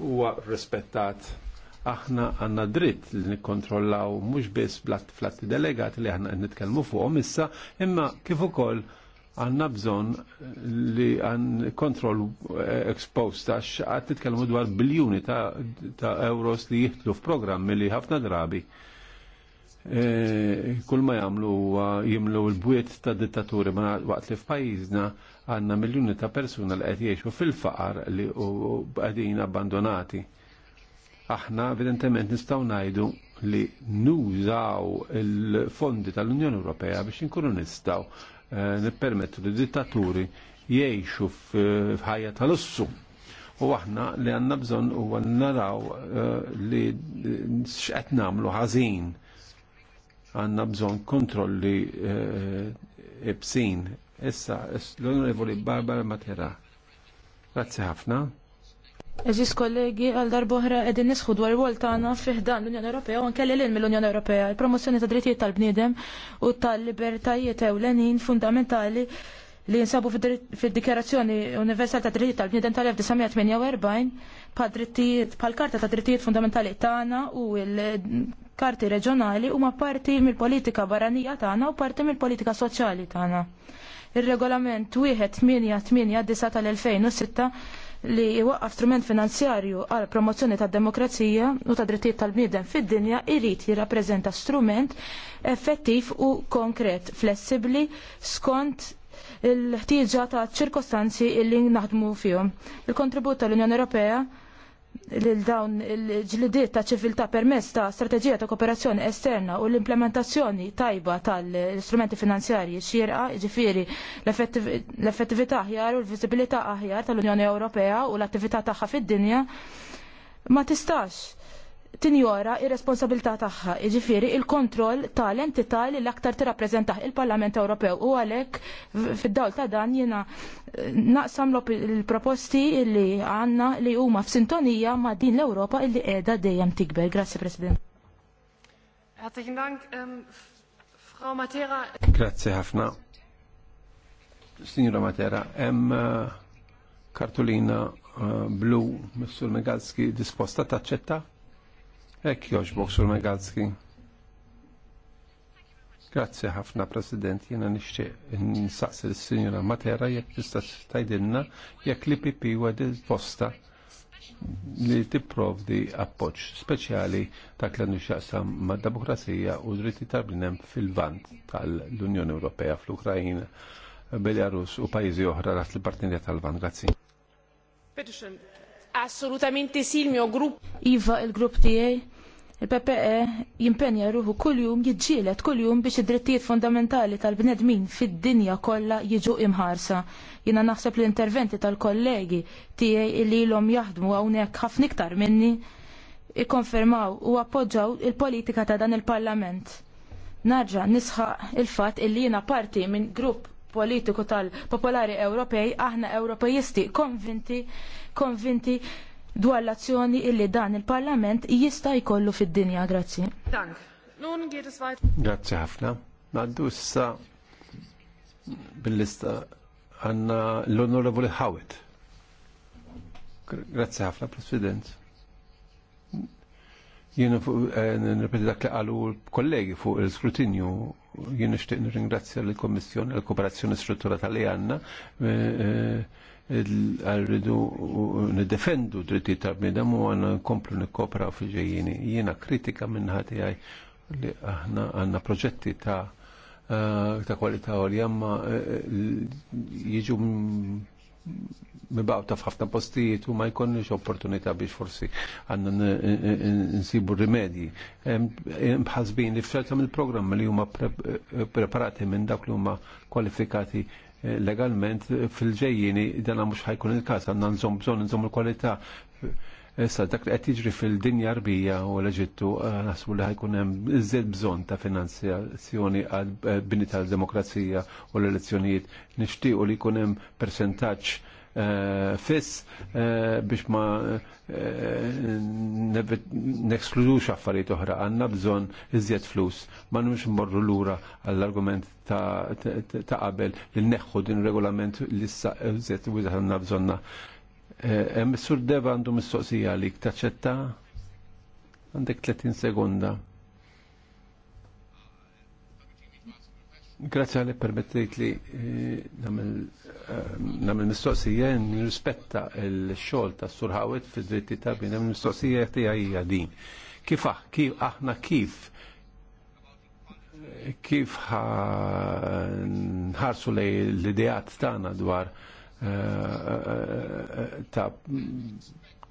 huwa rispettat aħna għanna dritt li nikkontrollaw mhux biss fl-atti delegati li aħna qed nitkellmu fuqhom issa, imma kif ukoll għanna bżon li għan kontrol eh, exposed għax għad titkellmu dwar biljuni ta', ta euros li jihtlu f'programmi li ħafna drabi e, kull ma jamlu jimlu l-bwiet ta' dittaturi ma waqt li f'pajizna għanna miljoni ta' persuna li qed jgħixu fil-faqar li qegħdin abbandonati. Aħna evidentement nistgħu ngħidu li nużaw il-fondi tal-Unjoni Ewropea biex inkunu nistgħu nippermettu eh, li dittaturi jiexu f'ħajja tal-ussu. U għahna li għanna bżon u naraw eh, li xqed namlu ħażin għanna bżon kontrolli eh, ibsin. Issa, l-onorevoli Barbara Matera. Grazie ħafna. Eżis kollegi, għal darboħra edin nisħu dwar wol tagħna fiħdan l-Unjoni Ewropea u nkelli lil mill-Unjoni Ewropea. Il-promozzjoni ta' drittijiet tal-bniedem u tal-libertajiet ewlenin fundamentali li jinsabu fid-Dikjarazzjoni Universal ta' Drittijiet tal-Bniedem tal-1948 pa' drittijiet pal-Karta ta' Drittijiet Fundamentali tagħna u l-Karti Reġjonali huma parti mill-politika barranija tagħna u parti mill-politika soċjali tagħna. Ir-regolament wieħed tal-2006 li jwaqqaf strument finanzjarju għal promozzjoni tad demokrazija u ta' drittijiet tal-bniedem fid-dinja irrid jirrappreżenta strument effettiv u konkret, flessibbli skont il-ħtieġa ta' ċirkostanzi illi naħdmu fihom. Il-kontribut tal-Unjoni Ewropea lil dawn il-ġlidiet ta' ċiviltà permess ta' strateġija ta' kooperazzjoni esterna u l-implementazzjoni tajba tal-istrumenti finanzjarji xirqa, ġifiri l-effettività aħjar u l-viżibilità aħjar tal-Unjoni Ewropea u l-attività tagħha fid-dinja ma tistax tinjora ir-responsabilità tagħha, jiġifieri il-kontroll tal-entità li l-aktar tirrappreżentaħ il-Parlament Ewropew u għalhekk fid-dawl ta' dan jiena eh, naqsam il-proposti li għandna li huma f'sintonija ma' din l-Ewropa li qiegħda dejjem tikber. Grazzi President. Herzlichen Dank, ähm, Frau Matera. Grazie ħafna. Signora Matera, hemm kartulina eh, eh, blu, Missur Megalski, disposta taċċetta? Ek joġbok Boksur Megalski. Grazie ħafna, President. Jena n nsaqsi l-Sinjora Matera jek tista' tajdinna, jek li pipi PP il posta li tipprovdi appoċ speċjali ta' kellu xaqsam ma' demokrazija u dritti tal-bniem fil-vant tal-Unjoni Ewropea fl-Ukrajina, Belarus u pajizi oħra rat l-partinja tal-vant. Grazie. Assolutamente sì, il mio gruppo. Iva, il gruppo di Il-PPE jimpenja ruħu kuljum jiġġielet kuljum biex id-drittijiet fundamentali tal-bnedmin fid-dinja kollha jiġu imħarsa. Jina naħseb l-interventi tal-kollegi tiegħi li ilhom jaħdmu hawnhekk ħafna iktar minni ikkonfermaw u appoġġaw il-politika ta' dan il-Parlament. Narġa nisħaq il-fatt illi jina parti minn grupp politiku tal-Popolari Ewropej, aħna Ewropejisti konvinti, konvinti dwar l-azzjoni illi dan il-Parlament jista' jkollu fid-dinja. Grazzi. Dank. Nun geht es weiter. Grazzi ħafna. Naddu issa bil-lista għanna l-Onorevoli Hawit. Grazzi ħafna, President. Jien eh, nirrepeti dak li qalu kollegi fuq il-skrutinju jienu nixtieq nirringrazzja l-Kommissjoni l kooperazzjoni struttura tal-li għandna eh, eh, għarridu nidefendu dritti ta' bnidem u għanna nkomplu nikkopra fi ġejjini. Jiena kritika minn ħati għaj li aħna għanna proġetti ta' eh, ta' kwalità u li għamma eh, jiġu mibawta f'ħafna postijiet u ma jkonniex opportunità biex forsi għanna nsibu rimedji. Bħazbin li f'ċerta mill-programm li huma eh, preparati minn dak li huma kwalifikati legalment fil-ġejjini dan mhux ħajkun il-każ għandna nżomm bżonn nżomm il-kwalità Issa dak li qed jiġri fil-dinja rbija u l-Eġittu eh, naħsbu li ħajkun hemm iżjed bżonn ta' finanzjazzjoni għal bini tal-demokrazija u l-elezzjonijiet. Nixtiequ li jkun hemm persentaġġ Eh, fiss eh, biex ma eh, neksludux affarijiet oħra għandna bżonn iżjed flus ma nux morru lura għall-argument ta' qabel li neħħu din regolament li sa iżjed u għandna bżonna. Sur Deva għandu mistoqsija li taċċetta għandek 30 sekonda. Grazie għalli permettejt li eh, namil eh, mistoqsija nirrispetta il-xol ta' surħawet fi dritti ta' bina mistoqsija tija hija din. Kif kif aħna kif kif ħarsu li l-ideat tagħna dwar eh, ta'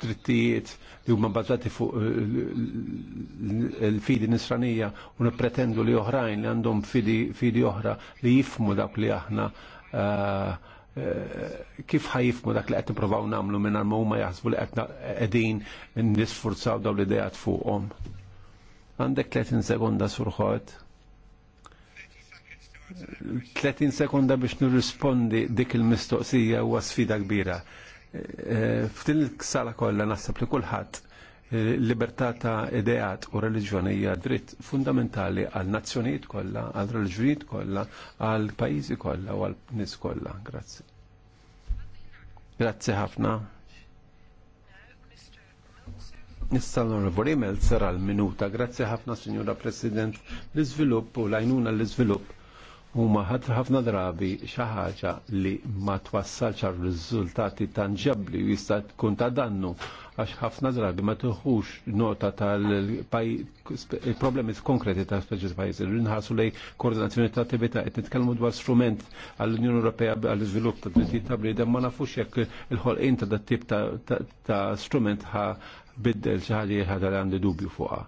drittijiet li huma bbażati fuq il-fidi eh, nisranija u nippretendu li oħrajn li għandhom fidi oħra li jifmu dak li aħna eh, eh, kif ħajifmu dak li qed nippruvaw nagħmlu minn ma huma jaħsbu li qed qegħdin nisfurzaw dawn l-idejat fuqhom. Għandek 30 sekonda surħod. 30 sekonda biex nirrispondi dik il-mistoqsija huwa sfida kbira. F'din il-sala kollha naħseb li kulħadd eh, libertà ta' ideat u reliġjoni hija dritt fundamentali għal nazzjonijiet kollha, għal reliġjonijiet kollha, għal pajjiżi kollha u għal nies kollha. Grazzi. Grazzi ħafna. Nista l-onorevoli Melzer għal minuta. Grazzi ħafna, Signora President, l-iżvilupp u l-għajnuna l-iżvilupp huma ħafna drabi xi ħaġa li ma twassalx għal riżultati tanġabbli u jista' tkun ta' dannu għax ħafna drabi ma tħux nota tal-problemi konkreti ta' speċi pajjiż. Rinħasu lej koordinazzjoni ta' attività qed nitkellmu dwar strument għall-Unjoni Ewropea għall-iżvilupp ta' drittijiet ta' bliedem ma nafux jekk il-ħolqien ta' dat-tip ta' strument ħa biddel xi ħaġa ħadha għandi dubju fuqha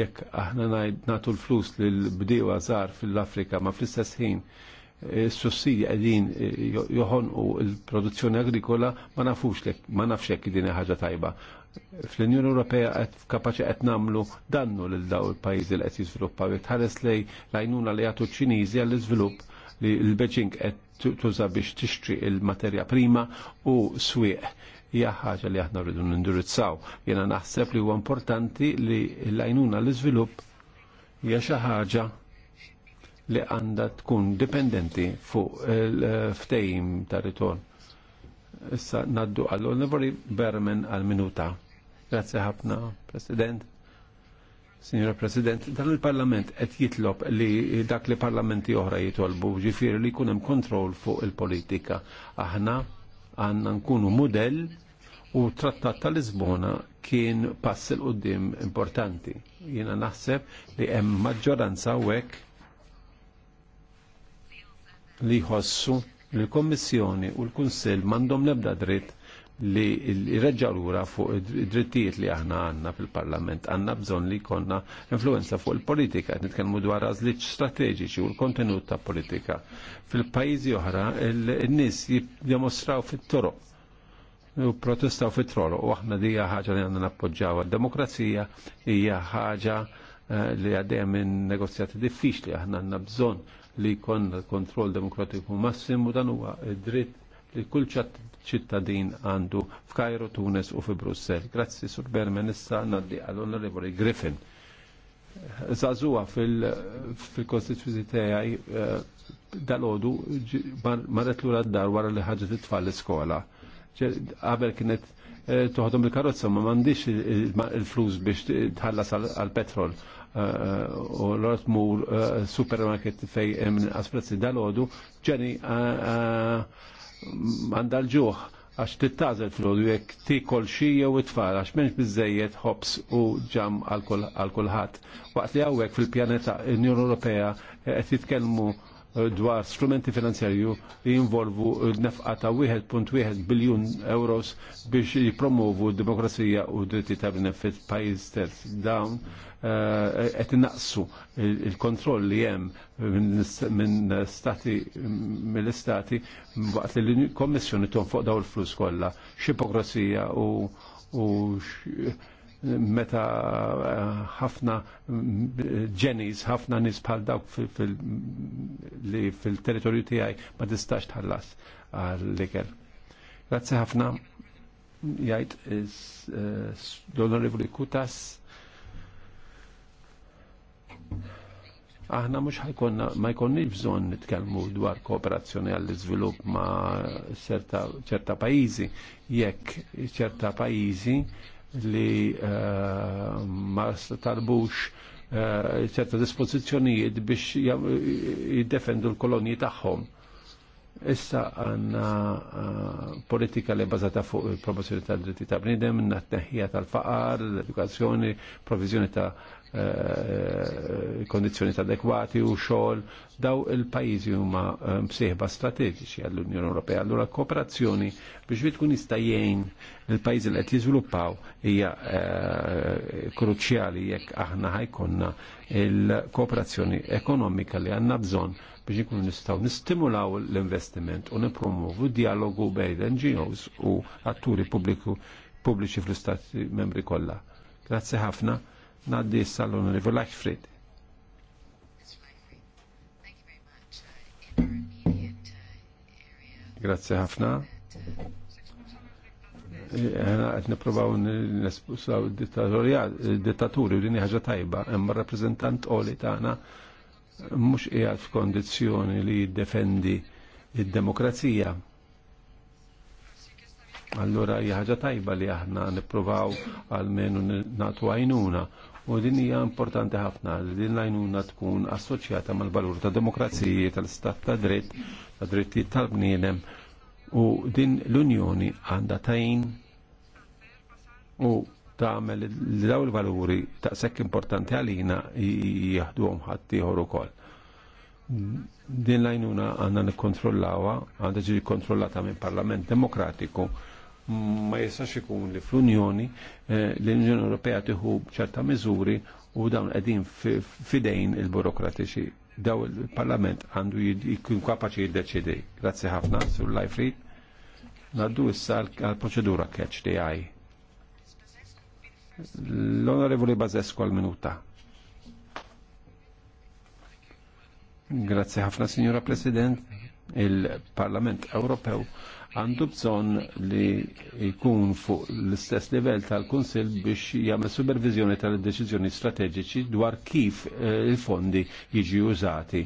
Jekk aħna natu l-flus l-bdiewa għazar fil-Afrika ma fl-istess ħin eh, s-sussidi għedin eh, joħon u l-produzzjoni agrikola ma nafux lek, ma nafx id din ħaġa tajba. Fl-Unjoni Ewropea qed kapaċi qed nagħmlu dannu lil daw il-pajjiżi li qed jiżviluppaw Għed tħares lej lajnuna li jagħtu ċinizi ċiniżi għall-iżvilupp li l beġing qed tuża biex tixtri il-materja prima u swieq hija ħaġa li aħna rridu nindirizzaw. Jiena naħseb li huwa importanti li l-għajnuna l-iżvilupp hija xi ħaġa li għandha tkun dipendenti fuq il-ftejim ta' ritorn. Issa naddu għal oliver Berman għal-minuta. Grazie ħafna, President. Signora President, dan il-Parlament qed jitlob li dak li parlamenti oħra jitolbu ġifieri li jkun hemm kontroll fuq il-politika. Aħna għanna nkunu model u trattat tal-Lisbona kien pass il qoddim importanti. Jiena naħseb li hemm maġġoranza hekk li jħossu li l-Kommissjoni u l-Kunsill m'għandhom l-ebda dritt li jirreġġaw lura fuq id-drittijiet li aħna għanna fil-parlament għanna bżon li konna influenza fuq il-politika, nitkellmu dwar għażliċ strateġiċi u l-kontenut ta' politika. Fil-pajjiżi oħra n-nies jiddemostraw fit toro u protestaw fit-toroq u aħna dija ħaġa li għandna nappoġġaw għad-demokrazija hija ħaġa eh, li għaddejja minn negozjati diffiċli aħna għandna bżonn li jkollna kontroll demokratiku massimu dan huwa dritt li kull ċittadin għandu f'Kajro, Tunis u fi Brussel. Grazzi, Sur Bermen, issa naddi għall-Onorevoli Griffin. Zazuwa fil konstituzi tijaj eh, dal-ħodu marret l-ura d-dar għara li ħagġet it tfall l-skola. Għabel kienet eh, toħdom il karotza ma mandiċ il-flus biex tħallas għal-petrol eh, u l-ort mur supermarket fej minn asprezzi dal-ħodu ġeni għandha l-ġuħ għax tittażel l ħodu jekk ti kolxija u tfal għax menx bizzejiet ħobs u ġam għal kulħadd. Waqt li hawnhekk fil-pjaneta unjoni Ewropea qed jitkelmu Eh, dwar strumenti finanzjarju li jinvolvu nefqa ta' 1.1 biljun euros biex jipromovu demokrazija u dritti ta' benefit pajis terz dawn eh, qed naqsu il-kontroll li hemm minn stati mill-istati waqt li l-Kommissjoni tonfoq daw il-flus kollha x'ipokrasija u u meta eh, ħafna ġenis, eh, ħafna nis bħal dawk fil-territorju tijaj ma distax tħallas għal-liker. Grazie ħafna jajt eh, l-Onorevoli Kutas. Aħna mux ħajkonna ma jkonni bżon nitkelmu dwar kooperazzjoni għall iżvilupp ma' ċerta pajizi, jekk ċerta pajizi li eh, ma talbux eh, ċerta dispozizjonijiet biex jiddefendu l-kolonji tagħhom. Issa għanna eh, politika li bazata fuq il-promozjoni tal-dritti ta' bnidem, n-natneħija tal-faqar, l-edukazzjoni, provizjoni ta' Eh, kondizjoni adekwati u xol daw il pajizi huma eh, msieħba strategiċi għall-Unjoni Ewropea. Allura kooperazzjoni biex wieħed tkun jista' jgħin il pajizi li qed jiżviluppaw hija eh, kruċjali jekk aħna ħajkonna il-kooperazzjoni ekonomika li għandna bżonn biex ikunu nistgħu nistimulaw l-investiment u nippromovu dialogu bejn NGOs u atturi pubbliku pubbliċi fl-istati membri kollha. Grazzi ħafna Naddi sal-Onorevole Lachfrid. Grazie ħafna. Għana għet niprofaw nespusaw dittaturi u dini ħagġa tajba, imma rappresentant oli taħna mux qiegħed f'kondizzjoni li jiddefendi id-demokrazija. Allura hija ħaġa tajba li aħna nippruvaw għalmenu nagħtu għajnuna U din hija importanti ħafna li din l l-għajnuna tkun assoċjata mal-valur ta' demokrazija, tal-istat ta' dritt, ta' drittijiet tal-bniedem u din l-Unjoni għandha tajn u tagħmel li daw il-valuri ta' sekk importanti għalina jieħduhom ħadd ieħor ukoll din l l-għajnuna għandha nikkontrollawha għandha ġi kontrollata minn parlament demokratiku ma jistax ikun li fl-Unjoni eh, l-Unjoni Ewropea tieħu ċerta miżuri u dawn qegħdin fidejn il-burokratiċi daw il-Parlament għandu jkun kapaċi jiddeċidi. Grazzi ħafna sur Lajfri. Naddu issa għal-proċedura catch the eye. L-Onorevoli Bazesku għal-minuta. Grazzi ħafna, Signora President. Il-Parlament Ewropew għandu bżon li jkun fuq l-istess livell tal-Kunsil biex jagħmel supervizjoni tal-deċiżjoni strateġiċi dwar kif eh, il-fondi jiġi użati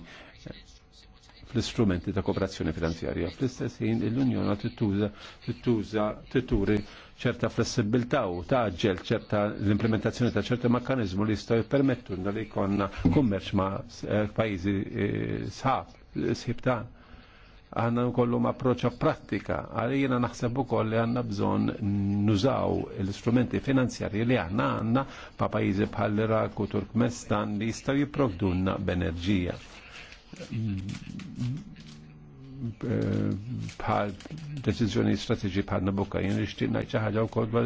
fl-istrumenti ta' kooperazzjoni finanzjarja. Fl-istess ħin l-Unjoni tittuża tittuża titturi ċerta flessibilità u ġel ċerta l-implementazzjoni ta' ċerta mekkanizmu li jistgħu jippermettu li jkollna kummerċ ma' eh, pajjiżi eh, sħab sħib ta' għanna nkollu approċċa pratika, għalijina naħseb ukoll li għanna bżon nużaw l-istrumenti finanzjari li għanna għanna pa' pajizi bħal Irak u Turkmenistan li jistaw jiprovdunna b'enerġija. Bħal deċizjoni strateġi bħal Nabucca, jien li xtiq najċa ħagġa u kod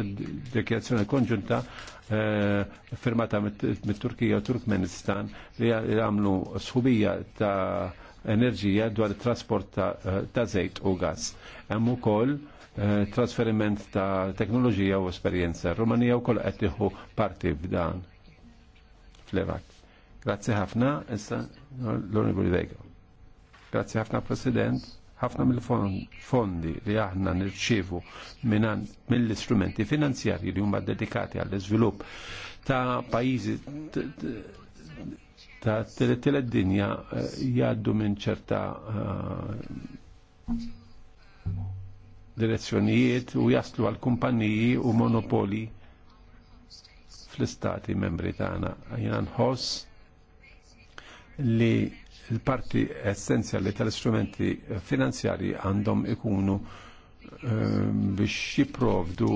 dekjazzjoni konġunta eh, firmata mit-Turkija u Turkmenistan li għamlu sħubija ta' enerġija dwar trasport eh, ta' zejt u gas. Hemm ukoll eh, trasferiment ta' teknoloġija u esperjenza. Rumanija u qed tieħu parti f'dan fl-Irak. Grazzi ħafna, issa l-Onorevoli Vega. Grazzi ħafna President ħafna mill-fondi li aħna nirċivu mill-istrumenti finanzjari li huma dedikati għall-iżvilupp ta' pajizi ta' t-telet dinja eh, jaddu minn ċerta eh, direzzjonijiet u jaslu għal kumpaniji u monopoli fl-istati membri tagħna. Jiena nħoss li l-parti essenzjali tal-istrumenti finanzjari għandhom ikunu Ehm, biex jiprovdu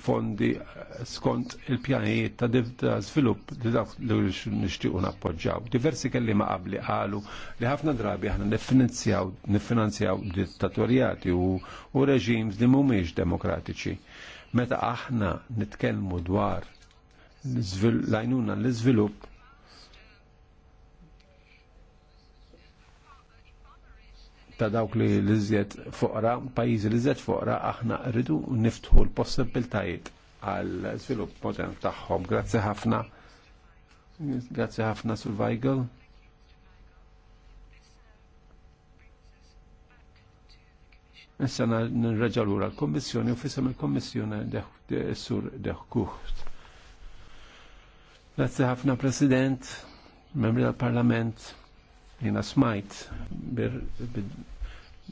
fondi skont il-pjanijiet ta' svilupp li dak li nixtiequ nappoġġaw. Diversi kelli ma qabli qalu li ħafna drabi aħna niffinanzjaw niffinanzjaw dittatorjati u reġims li mhumiex demokratiċi. Meta aħna nitkellmu dwar l-għajnuna l-iżvilupp ta' dawk li l-iżjed fuqra, pajjiżi li iżjed fuqra, aħna rridu niftħu l-possibiltajiet għal svilupp modern tagħhom. Grazzi ħafna. Grazzi ħafna sul Weigel. Issa nirreġa' lura l-Kommissjoni u fisem il-Kommissjoni sur Deħkuħt. Grazzi ħafna President, membri tal-Parlament, jina smajt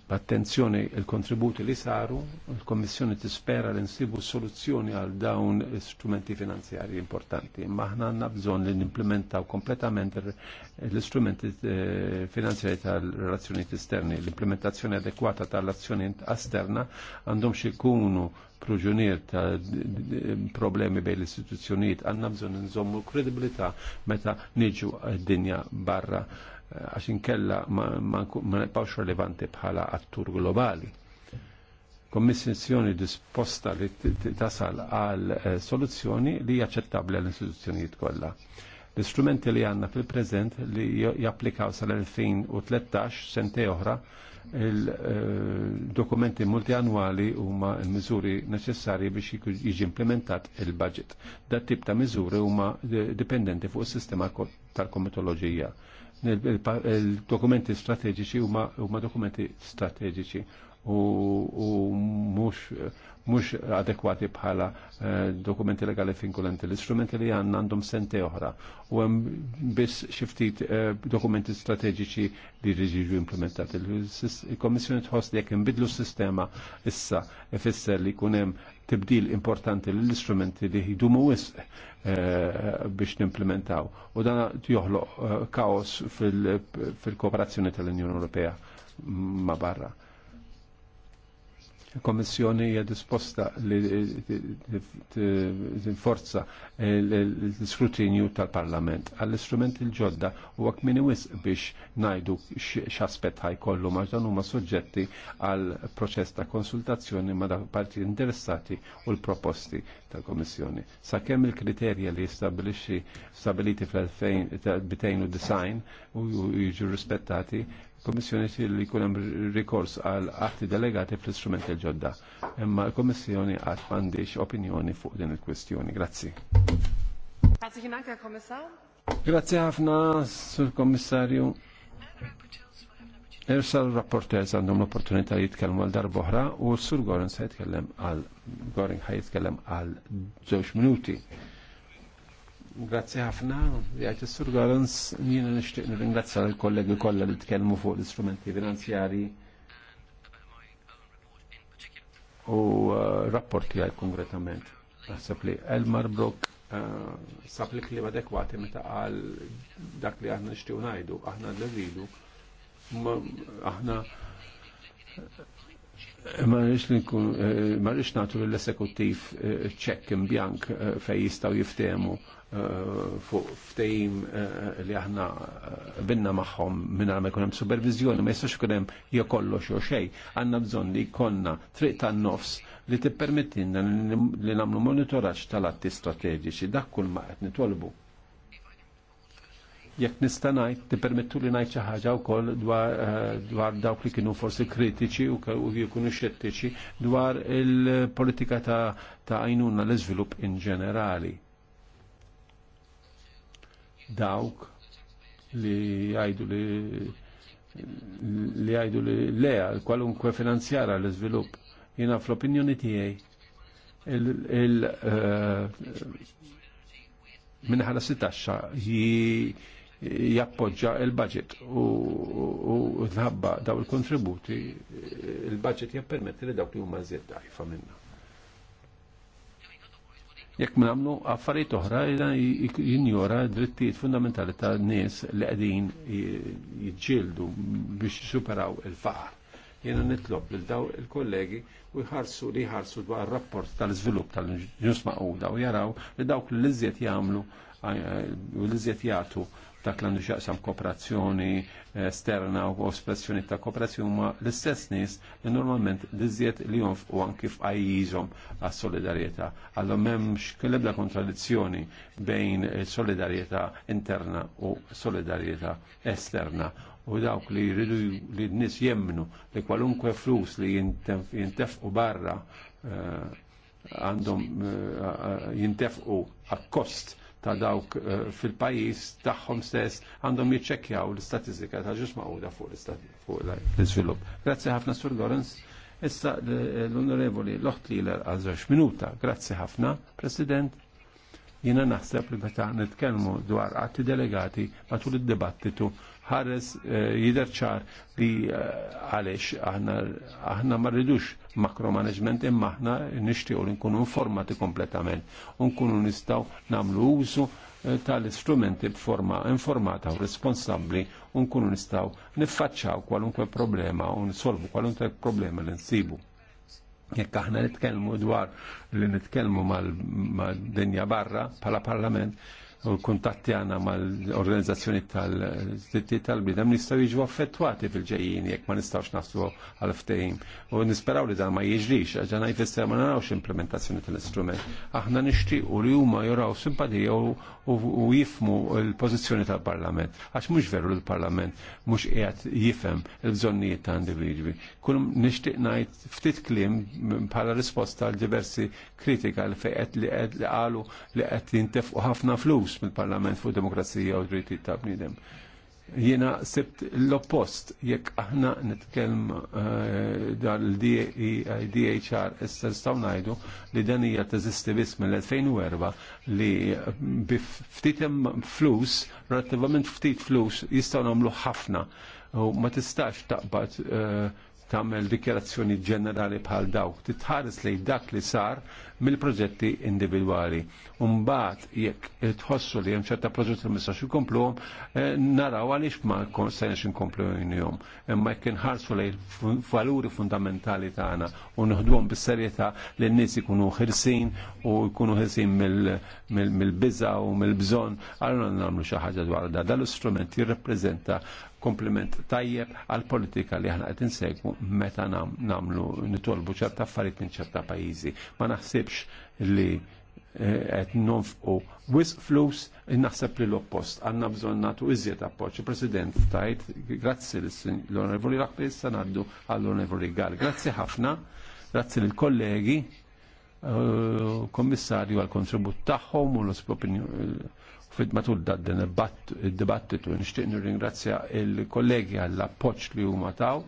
B'attenzjoni il-kontributi li saru, il-Kommissjoni tispera li nsibu soluzzjoni għal dawn l-istrumenti finanzjari importanti. Ma aħna għandna bżonn li nimplementaw kompletament l-istrumenti eh, finanzjari tal-relazzjonijiet esterni. L-implementazzjoni adekwata tal-azzjoni esterna għandhom xikunu proġunir ta' eh, problemi bej l-istituzzjonijiet għanna bżon nżommu kredibilità meta niġu d-dinja barra għax inkella ma nibqawx relevanti bħala attur globali. Kommissjoni disposta li tasal għal eh, soluzzjoni li jaċċettabli għal istituzzjonijiet kollha. L-istrumenti li għanna fil-prezent li japplikaw sal-2013 sente oħra il-dokumenti multianwali huma l mizuri neċessarji biex jiġi implementat il-budget. Dat tip ta' miżuri huma dipendenti fuq is-sistema tal-komitoloġija. Il-dokumenti strateġiċi huma dokumenti strateġiċi u mux, mux adekwati bħala eh, dokumenti legali finkulenti. L-istrumenti li għanna għandhom sente oħra u għem biss xiftit ftit eh, dokumenti strategiċi li jiġu implementati. il komissjoni tħoss li jekk imbidlu s-sistema issa ifisser li kunem tibdil importanti l-istrumenti li jidumu wisq eh, biex nimplementaw. U dan joħloq kaos fil-kooperazzjoni fil tal-Unjoni Ewropea ma barra. Komissjoni hija disposta li tinforza l-iskrutinju tal-Parlament għall-istrument il-ġodda u għak miniwis biex najdu x'aspett ħajkollu ma dan huma soġġetti għal proċess ta' konsultazzjoni ma' dak parti interessati u l-proposti tal-Komissjoni. Sakemm il-kriterja li stabilixi stabiliti fl-2009 u jiġu rispettati, Kommissjoni li kunem rikors għal atti delegati fl-istrument il-ġodda. Imma l-Kommissjoni għat mandiċ opinjoni fuq din il-kwestjoni. Grazzi. Grazzi ħinanka, Kommissar. Grazzi ħafna, Sur komissarju. Irsa l-rapportez għandhom l-opportunità jitkellmu għal darboħra u sur Gorin se jitkellem għal Gorin ħaj jitkellem għal 2 minuti. Grazie ħafna, jgħajt il-Sur Galons, jina nishtiq nirringrazzja l-kollegi kolla li t-kelmu fuq l-istrumenti finanzjari u uh, rapporti għaj konkretament. Naħseb Elmar Brook uh, sab li klib adekwati meta għal dak li għahna nishtiq najdu, għahna l rridu, għahna Ma rridx li nkun eh, ma ċekk eh, in bjank eh, fejn jistgħu jiftehmu fuq ftejm eh, li aħna eh, binna maħħom minna ma kunem supervizjoni, ma jistax kunem jo kollox jo xej, għanna bżon li konna triq tan nofs li t-permettinna li namlu monitoraċ tal-atti strategiċi, dak kull ma għet nitolbu. Jek nistanajt, t-permettu li najt ħaġa u koll eh, dwar dawk li kienu forsi kritiċi u kienu xettiċi dwar il-politika ta' għajnuna l-izvilup in ġenerali dawk li għajdu li li għajdu li leja kwalunkwe finanzjara l-izvilup. Jina fl-opinjoni tijaj il eh, minħala 16 jappoġġa il-budget u nħabba daw il-kontributi il-budget jappermetti li dawk li huma zjed dajfa minna jekk nagħmlu affarijiet oħra jinjora drittijiet fundamentali ta' nies li qegħdin jiġġieldu biex jisuperaw il-faqar. Jiena nitlob lil daw il-kollegi u jħarsu li jħarsu dwar rapport tal-iżvilupp tal-ġus maquda u jaraw li dawk li iżjed jagħmlu u l iżjed jagħtu dak klandu għandu xaqsam kooperazzjoni eh, esterna u espressjoni ta' kooperazzjoni ma l-istess nis li normalment l-izziet li jonf u anki f'ajjizom għas solidarieta. Għallu memx kellebda kontradizzjoni bejn solidarieta interna u solidarieta esterna u dawk li jridu li n-nis jemnu li kwalunkwe flus li jintefqu barra eh, għandhom eh, jintefqu għakost. kost ta' dawk eh, fil-pajis tagħhom stess għandhom jiċċekkjaw l-istatistika ta' ġus maquda fuq l-iżvilupp. Grazzi ħafna Sur Lorenz. Issa eh, l-Onorevoli li l-għazax minuta. Grazzi ħafna, President. Jina naħseb li meta nitkellmu dwar atti delegati matul id-dibattitu ħares eh, jiderċar li eh, għalix aħna marridux makro management imma aħna nixtiequ li nkunu informati kompletament u nkunu nistgħu nagħmlu użu eh, tal-istrumenti b'forma informata u responsabbli u nkunu nistgħu niffaċċaw kwalunkwe problema u nsolvu kwalunkwe problema li nsibu. Jekk aħna nitkellmu dwar li nitkellmu mal-dinja barra pala parlament, u l-kuntatti għana mal-organizzazzjoni tal-ditti tal-bidem nistaw jiġu affettwati fil-ġejjin jekk ma nistawx naslu għal-ftejn. U nisperaw li dan ma jiġrix, għagħana jfisser ma narawx implementazzjoni tal-istrument. Aħna u li huma joraw simpatija u jifmu l-pozizjoni tal-parlament. Għax mux veru l-parlament, mux qiegħed jifem il-bżonnijiet ta' individwi. Kun nishtiq ngħid ftit klim bħala risposta għal diversi kritika li fejqet li għalu li qalu li qed jintefqu ħafna flus maqsmux mill-Parlament fuq demokrazija u drittijiet ta' bniedem. Jiena sibt l-oppost jekk aħna nitkellm eh, dal-DHR issa nistgħu ngħidu li dan hija teżisti biss mill-2004 li bi ftit flus, relattivament ftit flus jistgħu nagħmlu ħafna u ma tistax taqbad eh, tagħmel dikjerazzjoni ġenerali bħal dawk. Titħares lejn dak li sar mill-proġetti individwali. Umbat, jekk tħossu li hemm ċerta proġetti li mistax jkompluhom, eh, naraw għaliex ma sejnex inkomplu jom. Imma jekk nħarsu lejn valuri fundamentali tagħna u nħduhom bis-serjetà li n-nies ikunu ħirsin u jkunu ħirsin mill-biża u mill-bżonn, għallu nagħmlu xi ħaġa dwar da. Dal-istrument jirrappreżenta komplement tajjeb għal politika li ħana qed insegwu meta namlu nitolbu ċerta affarijiet minn ċerta pajjiżi. Ma naħsib naħsibx li eh, qed nonfqu wis flus naħseb li l-oppost għandna bżonn nagħtu iżjed appoġġ. President tajt, grazzi l-Onorevoli Raqqi sanaddu għall-Onorevoli Gal. Grazzi ħafna, grazzi lill-kollegi, eh, kommissarju għal-kontribut tagħhom u l-opinjoni eh, fid matul dadden il-dibattitu nishtiq nirringrazzja il-kollegi għall appoġġ li huma taw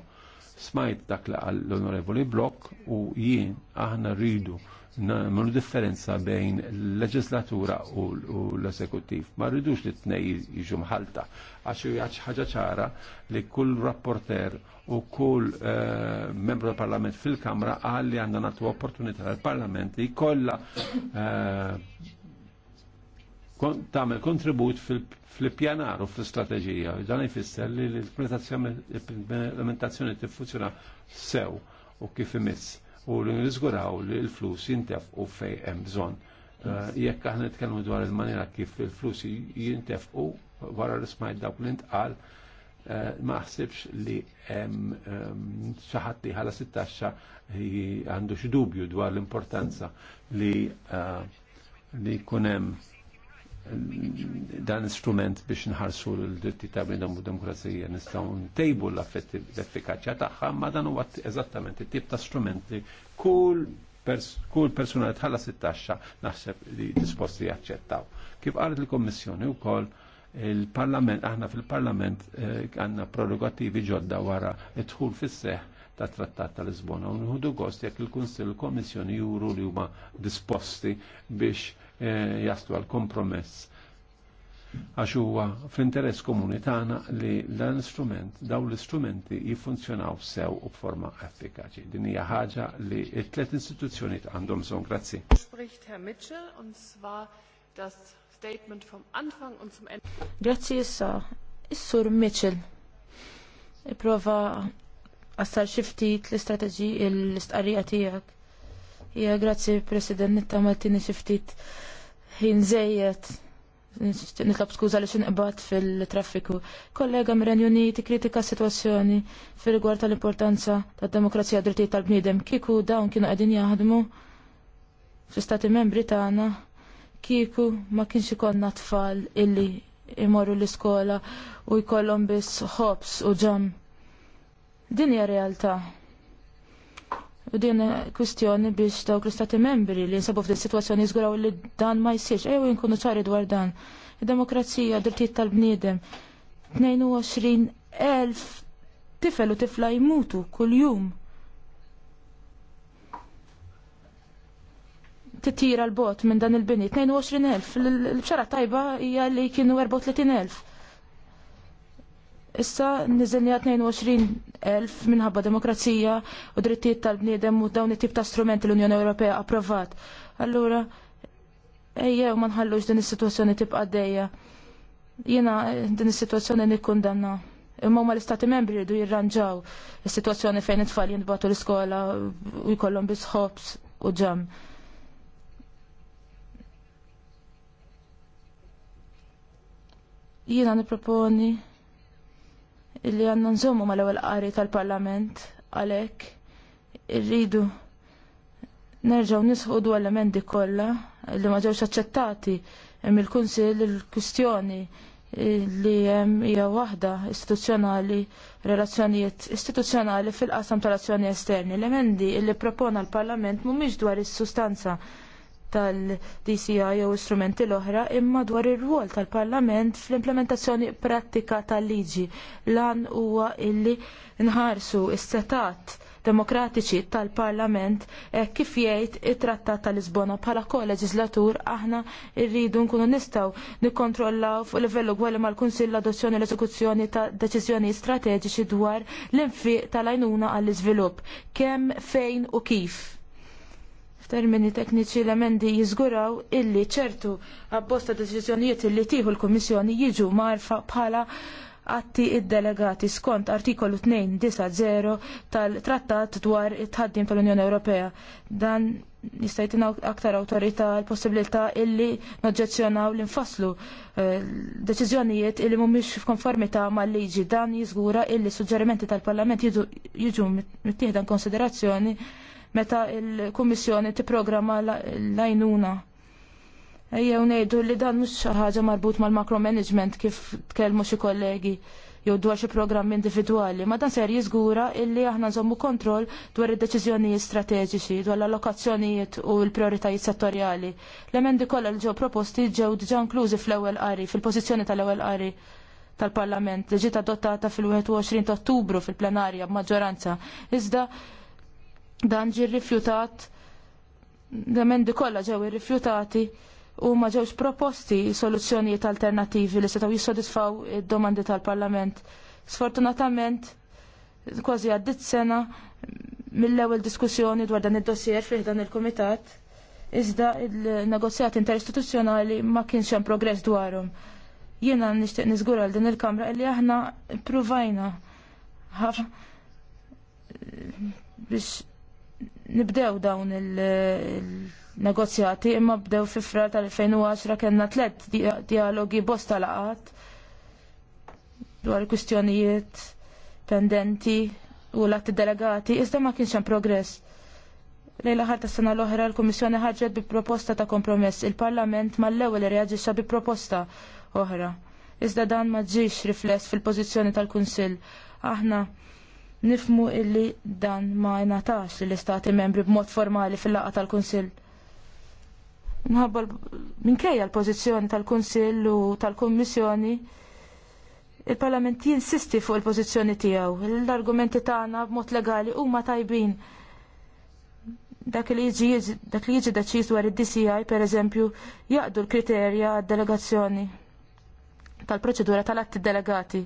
smajt dak l-onorevoli Blok u jien aħna rridu nagħmlu differenza bejn l-leġislatura u l-esekuttiv. Ma rridux li t-nej jiġu mħalta, għax jgħax ħaġa ċara li kull rapporter u kull eh, membru tal parlament fil-Kamra għalli għandna natu opportunità tal-Parlament li kolla eh, tagħmel kontribut fil-pjanar u fil strategija Dan jfisser li l-implementazzjoni tiffunzjona sew u kif imiss u l nizguraw li l-flus jintefqu fej hemm bżonn. Eh, jekk aħna nitkellmu dwar il-maniera kif il-flus u wara li smajt dawk li ntqal, eh, ma ħsibx li ehm, xaħat li ħala 16 għandu xi dubju dwar l-importanza li eh, kunem hemm dan strument biex nħarsu l-dritti ta' bnidem u demokrazija nistgħu ntejbu l-effikaċja tagħha, ma dan huwa eżattament it-tip ta' strument li kull kull persuna li tħallas it-taxxa naħseb li disposti jaċċettaw. Kif qalet il-Kommissjoni wkoll il-Parlament, aħna fil-Parlament eh, għandna prerogativi ġodda wara id-dħul fis-seħ ta' trattat ta' Lisbona u nħudu gost jekk il-Kunsill il-Kommissjoni juru li huma disposti biex E, jaslu għal kompromess għax huwa fl-interess komuni tagħna li l-istrument daw l-istrumenti jiffunzjonaw sew u b'forma effikaċi. Din hija ħaġa li t-tlet istituzzjonijiet għandhom son grazzi. Spricht Herr Mitchell und zwar das statement vom Anfang und zum Ende. Grazzi issa, is-sur Mitchell. Iprova għassar xiftit l-istrateġi l-istqarrija tiegħek. Ja, grazzi President, nittamaltini xiftit ħin zejjed. Nitlob skuża li xinqbad fil-traffiku. Kollega mir-Renju Uniti kritika situazzjoni fil-rigward tal-importanza tad-demokrazija drittijiet tal-bniedem. Kiku dawn kienu qegħdin jaħdmu fl-istati membri tagħna kiku ma kienx ikonna tfal illi imorru l-iskola u jkollhom biss ħobs u ġam. Din hija realtà. U din kwistjoni biex dawk l-istati membri li nsabu f'din situazzjoni jizguraw li dan ma jsirx. Ejjew jinkunu ċari dwar dan. Id-demokrazija, drittijiet tal-bniedem. 22,000 tifel u tifla jmutu kuljum. Titira l-bot minn dan il-bini. 22,000. L-bxara tajba hija li kienu 34,000. Issa niżilni 22.000 minħabba demokrazija u drittijiet tal-bniedem u dawn it-tip ta' strumenti l-Unjoni Ewropea approvat. Allura, ejja ma nħallux din is-sitwazzjoni tibqa' dejja. Jiena eh, din is-sitwazzjoni nikkundanna imma ma l-istati membri rridu jirranġaw il-situazzjoni fejn it-tfal jindbatu l-iskola u jkollhom bisħobs u ġam. Jiena niproponi illi għanna nżommu mal ewwel qari tal-Parlament għalhekk irridu nerġgħu nisħu du emendi kollha li ma ġewx aċċettati hemm il-Kunsill il-kwistjoni li hemm hija waħda istituzzjonali relazzjonijiet istituzzjonali fil-qasam tal-azzjoni esterni. L-emendi li propona l-Parlament mhumiex dwar is-sustanza tal-DCI jew istrumenti l-oħra imma dwar ir-rwol tal-Parlament fl-implementazzjoni prattika tal-liġi. Lan huwa illi nħarsu is-setat demokratiċi tal-Parlament e kif jgħid it-Trattat tal-Lisbona bħala koleġislatur aħna rridu nkunu nistgħu nikkontrollaw fuq livell ugwali mal-Kunsill l-adozzjoni l-eżekuzzjoni ta' deċiżjoni strateġiċi dwar l-infiq tal-għajnuna għall-iżvilupp kemm fejn u kif termini tekniċi l-emendi jiżguraw illi ċertu abbosta deċiżjonijiet illi tieħu l-Kummissjoni jiġu marfa bħala atti id-delegati skont artikolu 290 tal-Trattat dwar it-ħaddim tal-Unjoni Ewropea. Dan jista' aktar awtorità l-possibilità illi noġġezzjonaw li nfasslu eh, deċiżjonijiet illi mhumiex f'konformità mal-liġi dan jiżgura illi suġġerimenti tal-Parlament jiġu mittieħdan konsiderazzjoni meta il-Kummissjoni tipprogramma l-għajnuna. Ejjew ngħidu li dan mhux xi ħaġa marbut mal management kif tkellmu xi kollegi jew dwar xi programm individwali, ma dan ser jiżgura illi aħna nżommu kontroll dwar id-deċiżjonijiet strateġiċi, dwar l-allokazzjonijiet u l-prioritajiet settorjali. L-emendi kollha li ġew proposti ġew diġà inklużi fl-ewwel qari, fil-pożizzjoni tal-ewwel qari tal-Parlament li ġiet adottata fil-21 ta' Ottubru fil-plenarja b'maġġoranza. Iżda Dan ġi rrifjutat, l-emendi kollha ġew irrifjutati u ma ġewx proposti soluzzjonijiet alternattivi li setgħu jissodisfaw id-domandi tal-Parlament. Sfortunatament, kważi għaddit sena mill-ewwel diskussjoni dwar dan id-dossier fih dan il-Kumitat, iżda il negozjati interistituzzjonali ma kienx hemm progress dwarhom. Jiena nixtieq niżgur l din il-Kamra li aħna pruvajna ħafna biex nibdew dawn il-negozjati imma bdew fi frar tal-2010 kena tlet dialogi bosta laqat dwar kustjonijiet pendenti u l-atti delegati iżda ma kienx hemm progress. Lejla ħar tas sena l-oħra l-Kummissjoni ħarġet bi proposta ta' kompromess. Il-Parlament mal li reaġixxa bi proposta oħra. Iżda dan ma ġiex rifless fil-pożizzjoni tal-Kunsill. Aħna nifmu illi dan ma natax l-istati membri b'mod formali fil-laqa tal-Kunsill. Mħabba minkejja l-pożizzjoni tal-Kunsill u tal-Kummissjoni il-Parlament jinsisti fuq il-pożizzjoni tiegħu. L-argumenti tagħna b'mod legali huma tajbin dak li jiġi deċiż dwar id-DCI pereżempju jaqdu l-kriterja għad-delegazzjoni tal-proċedura tal-atti delegati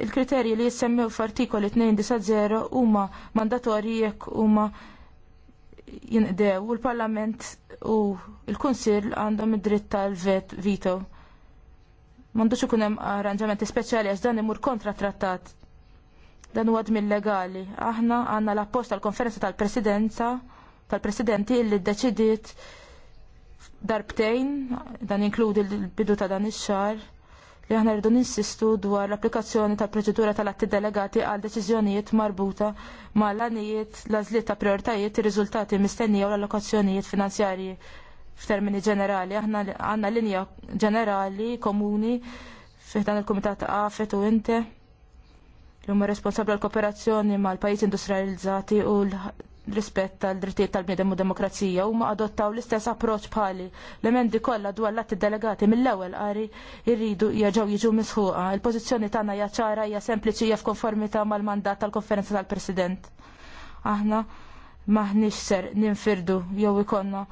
il-kriterji li jissemmew f'artikoli 290 huma mandatorji jekk huma jinqdew u l-Parlament u l-Kunsill għandhom id-dritt tal-vet veto. M'għandux ikun hemm arranġamenti speċjali għax dan imur kontra trattat. Dan huwa dmin legali. Aħna għandna l-appost tal-konferenza tal-presidenza tal-presidenti li ddeċidiet darbtejn, dan inkludi l-bidu ta' dan ix-xar li aħna rridu ninsistu dwar l-applikazzjoni tal-proċedura tal-atti delegati għal deċiżjonijiet marbuta ma' l-għanijiet, l ta' prioritajiet, ir-riżultati mistennija u l-allokazzjonijiet finanzjarji f'termini ġenerali. Aħna għandna linja ġenerali komuni fih dan il-Kumitat Afet u Inte li huma responsabbli għal kooperazzjoni mal-pajjiż industrializzati u rispett tal-drittijiet tal bnedem u demokrazija huma adottaw l-istess approċċ bħali l-emendi kollha dwar l-atti delegati mill-ewwel qari jridu jerġgħu jiġu misħuqa. Il-pożizzjoni tagħna hija ċara hija sempliċi hija f'konformità mal-mandat tal-konferenza tal-President. Aħna maħniex ser ninfirdu jew ikonna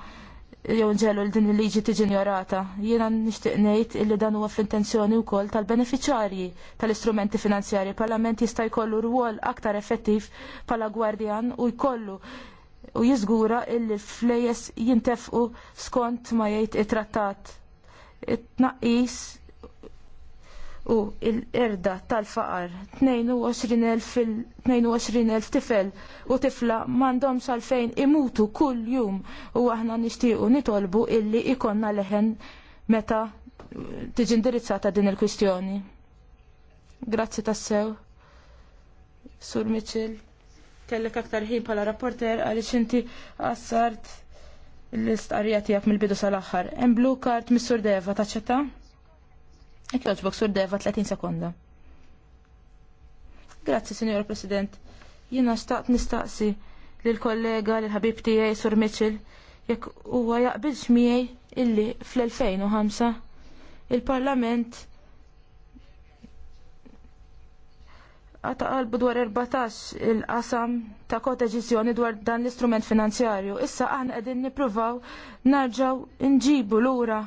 jew nġelu l din il-liġi tiġi ignorata. Jiena nixtieq ngħid illi dan huwa fl-intenzjoni wkoll tal-beneficjarji tal-istrumenti finanzjarji. parlament jista' jkollu rwol aktar effettiv bħala gwardjan u jkollu u jiżgura illi flejes jintefqu skont ma jgħid it-trattat. It-tnaqqis u l-erda tal-faqar 22,000 tifel u tifla m'għandhomx għalfejn imutu kull jum u aħna nixtiequ nitolbu illi ikonna leħen meta tiġi indirizzata din il-kwistjoni. Grazzi tassew. Sur Mitchell, kellek aktar ħin pala rapporter għaliex inti qassart l-istqarrija tiegħek mill-bidu sal-aħħar. Hemm blue card mis-Sur Deva taċċetta? Ek joġbok sur deva 30 sekonda. Grazzi, Signor President. Jina staqt nistaqsi l-kollega l-ħabib tijaj sur Mitchell jekk huwa jaqbilx miegħi illi fl-2005 il-Parlament għata qalbu dwar 14 il-qasam ta' kodeċizjoni dwar dan l-istrument finanzjarju. Issa għan għedin nipruvaw narġaw nġibu l-ura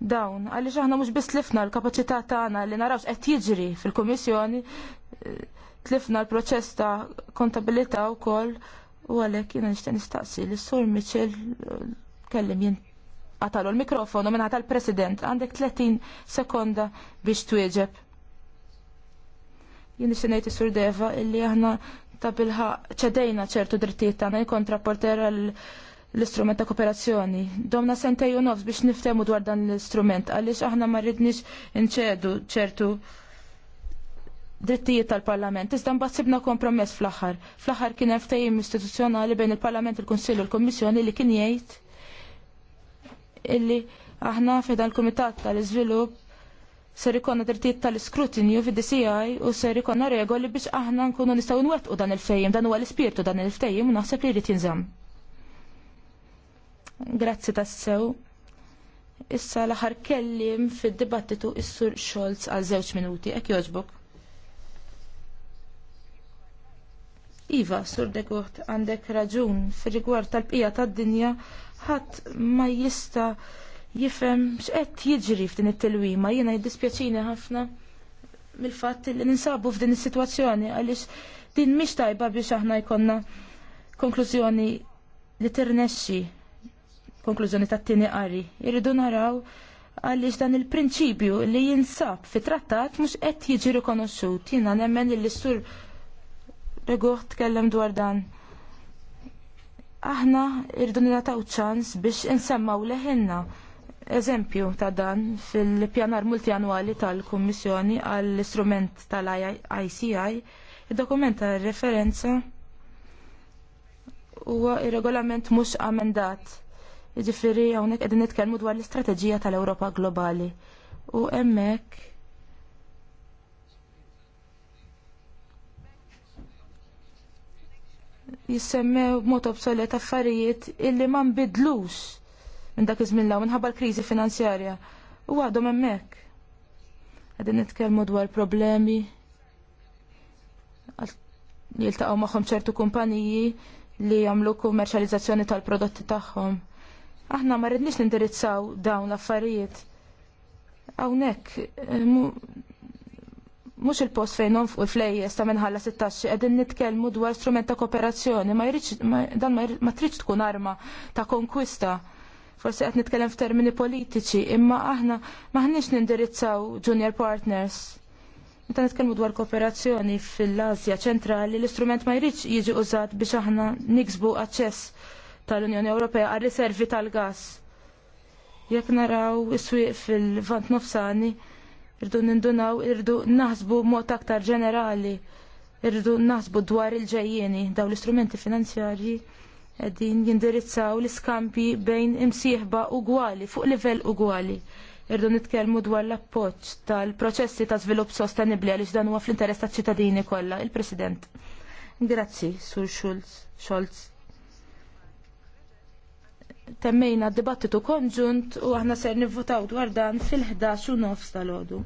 dawn għaliex aħna mhux biss tlifna l-kapaċità tagħna li narawx qed jiġri fil-Kummissjoni eh, tlifna l-proċess ta' kontabilità wkoll u għalhekk jiena nixtieq nistaqsi lis sur Mitchell eh, kellim jien għatalu l-mikrofonu minn għatal president għandek 30 sekonda biex twieġeb. Jien nixtenejt is-sur Deva illi aħna ta' bilħa ċedejna ċertu drittijiet tagħna jkun rapporter għal l-istrument ta' kooperazzjoni. Domna sentej u nofs biex niftemu dwar dan l-istrument, għaliex aħna ma rridniex inċedu ċertu drittijiet tal-Parlament. Iżda mbagħad sibna kompromess fl-aħħar. Fl-aħħar kien hemm ftehim istituzzjonali bejn il-Parlament, il-Kunsill u l-Kummissjoni li kien jgħid illi aħna f'dan il-Kumitat tal-Iżvilupp ser ikonna drittijiet tal-iskrutinju fid-DCI u ser ikonna regoli biex aħna nkunu nistgħu nwettqu dan il-fejjem, dan huwa l-ispirtu dan il-fejjem u naħseb li jrid jinżamm. Grazzi tassew. Issa l-aħar kellim fid-dibattitu Issur sur Scholz għal żewġ minuti, ek joġbuk. Iva, sur Degucht, għandek raġun fir-rigward tal-bqija tad-dinja ħadd ma jista jifhem x'qed jiġri f'din it-tilwima, jiena jiddispjaċini ħafna mill-fatt li ninsabu f'din is-sitwazzjoni għaliex din mhix tajba biex aħna jkollna konklużjoni li tirnexxi konklużjoni tat-tieni qari. Irridu naraw għaliex dan il-prinċipju li jinsab fi trattat mhux qed jiġi rikonoxxut. Jiena nemmen li sur Regoħ tkellem dwar dan. Aħna irridu nagħtaw ċans biex insemmaw leħinna. Eżempju ta' dan fil-pjanar multianwali tal-Kummissjoni għall-istrument tal-ICI, il dokument ta' referenza huwa ir-regolament mhux amendat Ġifiri, għonek qegħdin nitkelmu dwar l-istrateġija tal-Europa globali. U emmek. Jissemmew b'mod obsolet affarijiet illi ma nbidlux minn dak iż-żmien law minħabba l-kriżi finanzjarja. U għadhom hemmhekk. Qegħdin nitkellmu dwar problemi jiltaqgħu magħhom ċertu kumpaniji li jagħmlu kummerċjalizzazzjoni tal-prodotti tagħhom. Aħna ma rridniex nindirizzaw dawn l-affarijiet. Hawnhekk eh, mhux il-post fejn il flejjes ta' minħalla 16 qegħdin nitkellmu dwar strument ta' kooperazzjoni, ma jridx dan ma tridx tkun arma ta' konkwista forsi qed nitkellem f'termini politiċi, imma aħna maħniex nindirizzaw junior partners. Meta nitkellmu dwar kooperazzjoni fil-Asja ċentrali, l-istrument ma jridx jiġi użat biex aħna niksbu aċċess tal-Unjoni Ewropea għar riservi tal-gas. Jekk naraw is-swieq fil-vant nofsani, irdu nindunaw, irdu naħsbu mod aktar ġenerali, irdu naħsbu dwar il ġejjeni daw l-istrumenti finanzjarji qegħdin jindirizzaw l-iskampi bejn imsieħba ugwali fuq livell ugwali irdu nitkellmu dwar l-appoġġ tal-proċessi ta' svilupp sostenibbli għaliex dan huwa fl-interess taċ-ċittadini kollha, il-President. Grazzi, Sur Schulz, Scholz temmejna dibattitu konġunt u aħna ser nivvotaw dwar dan fil-11 u nofs tal-ħodu.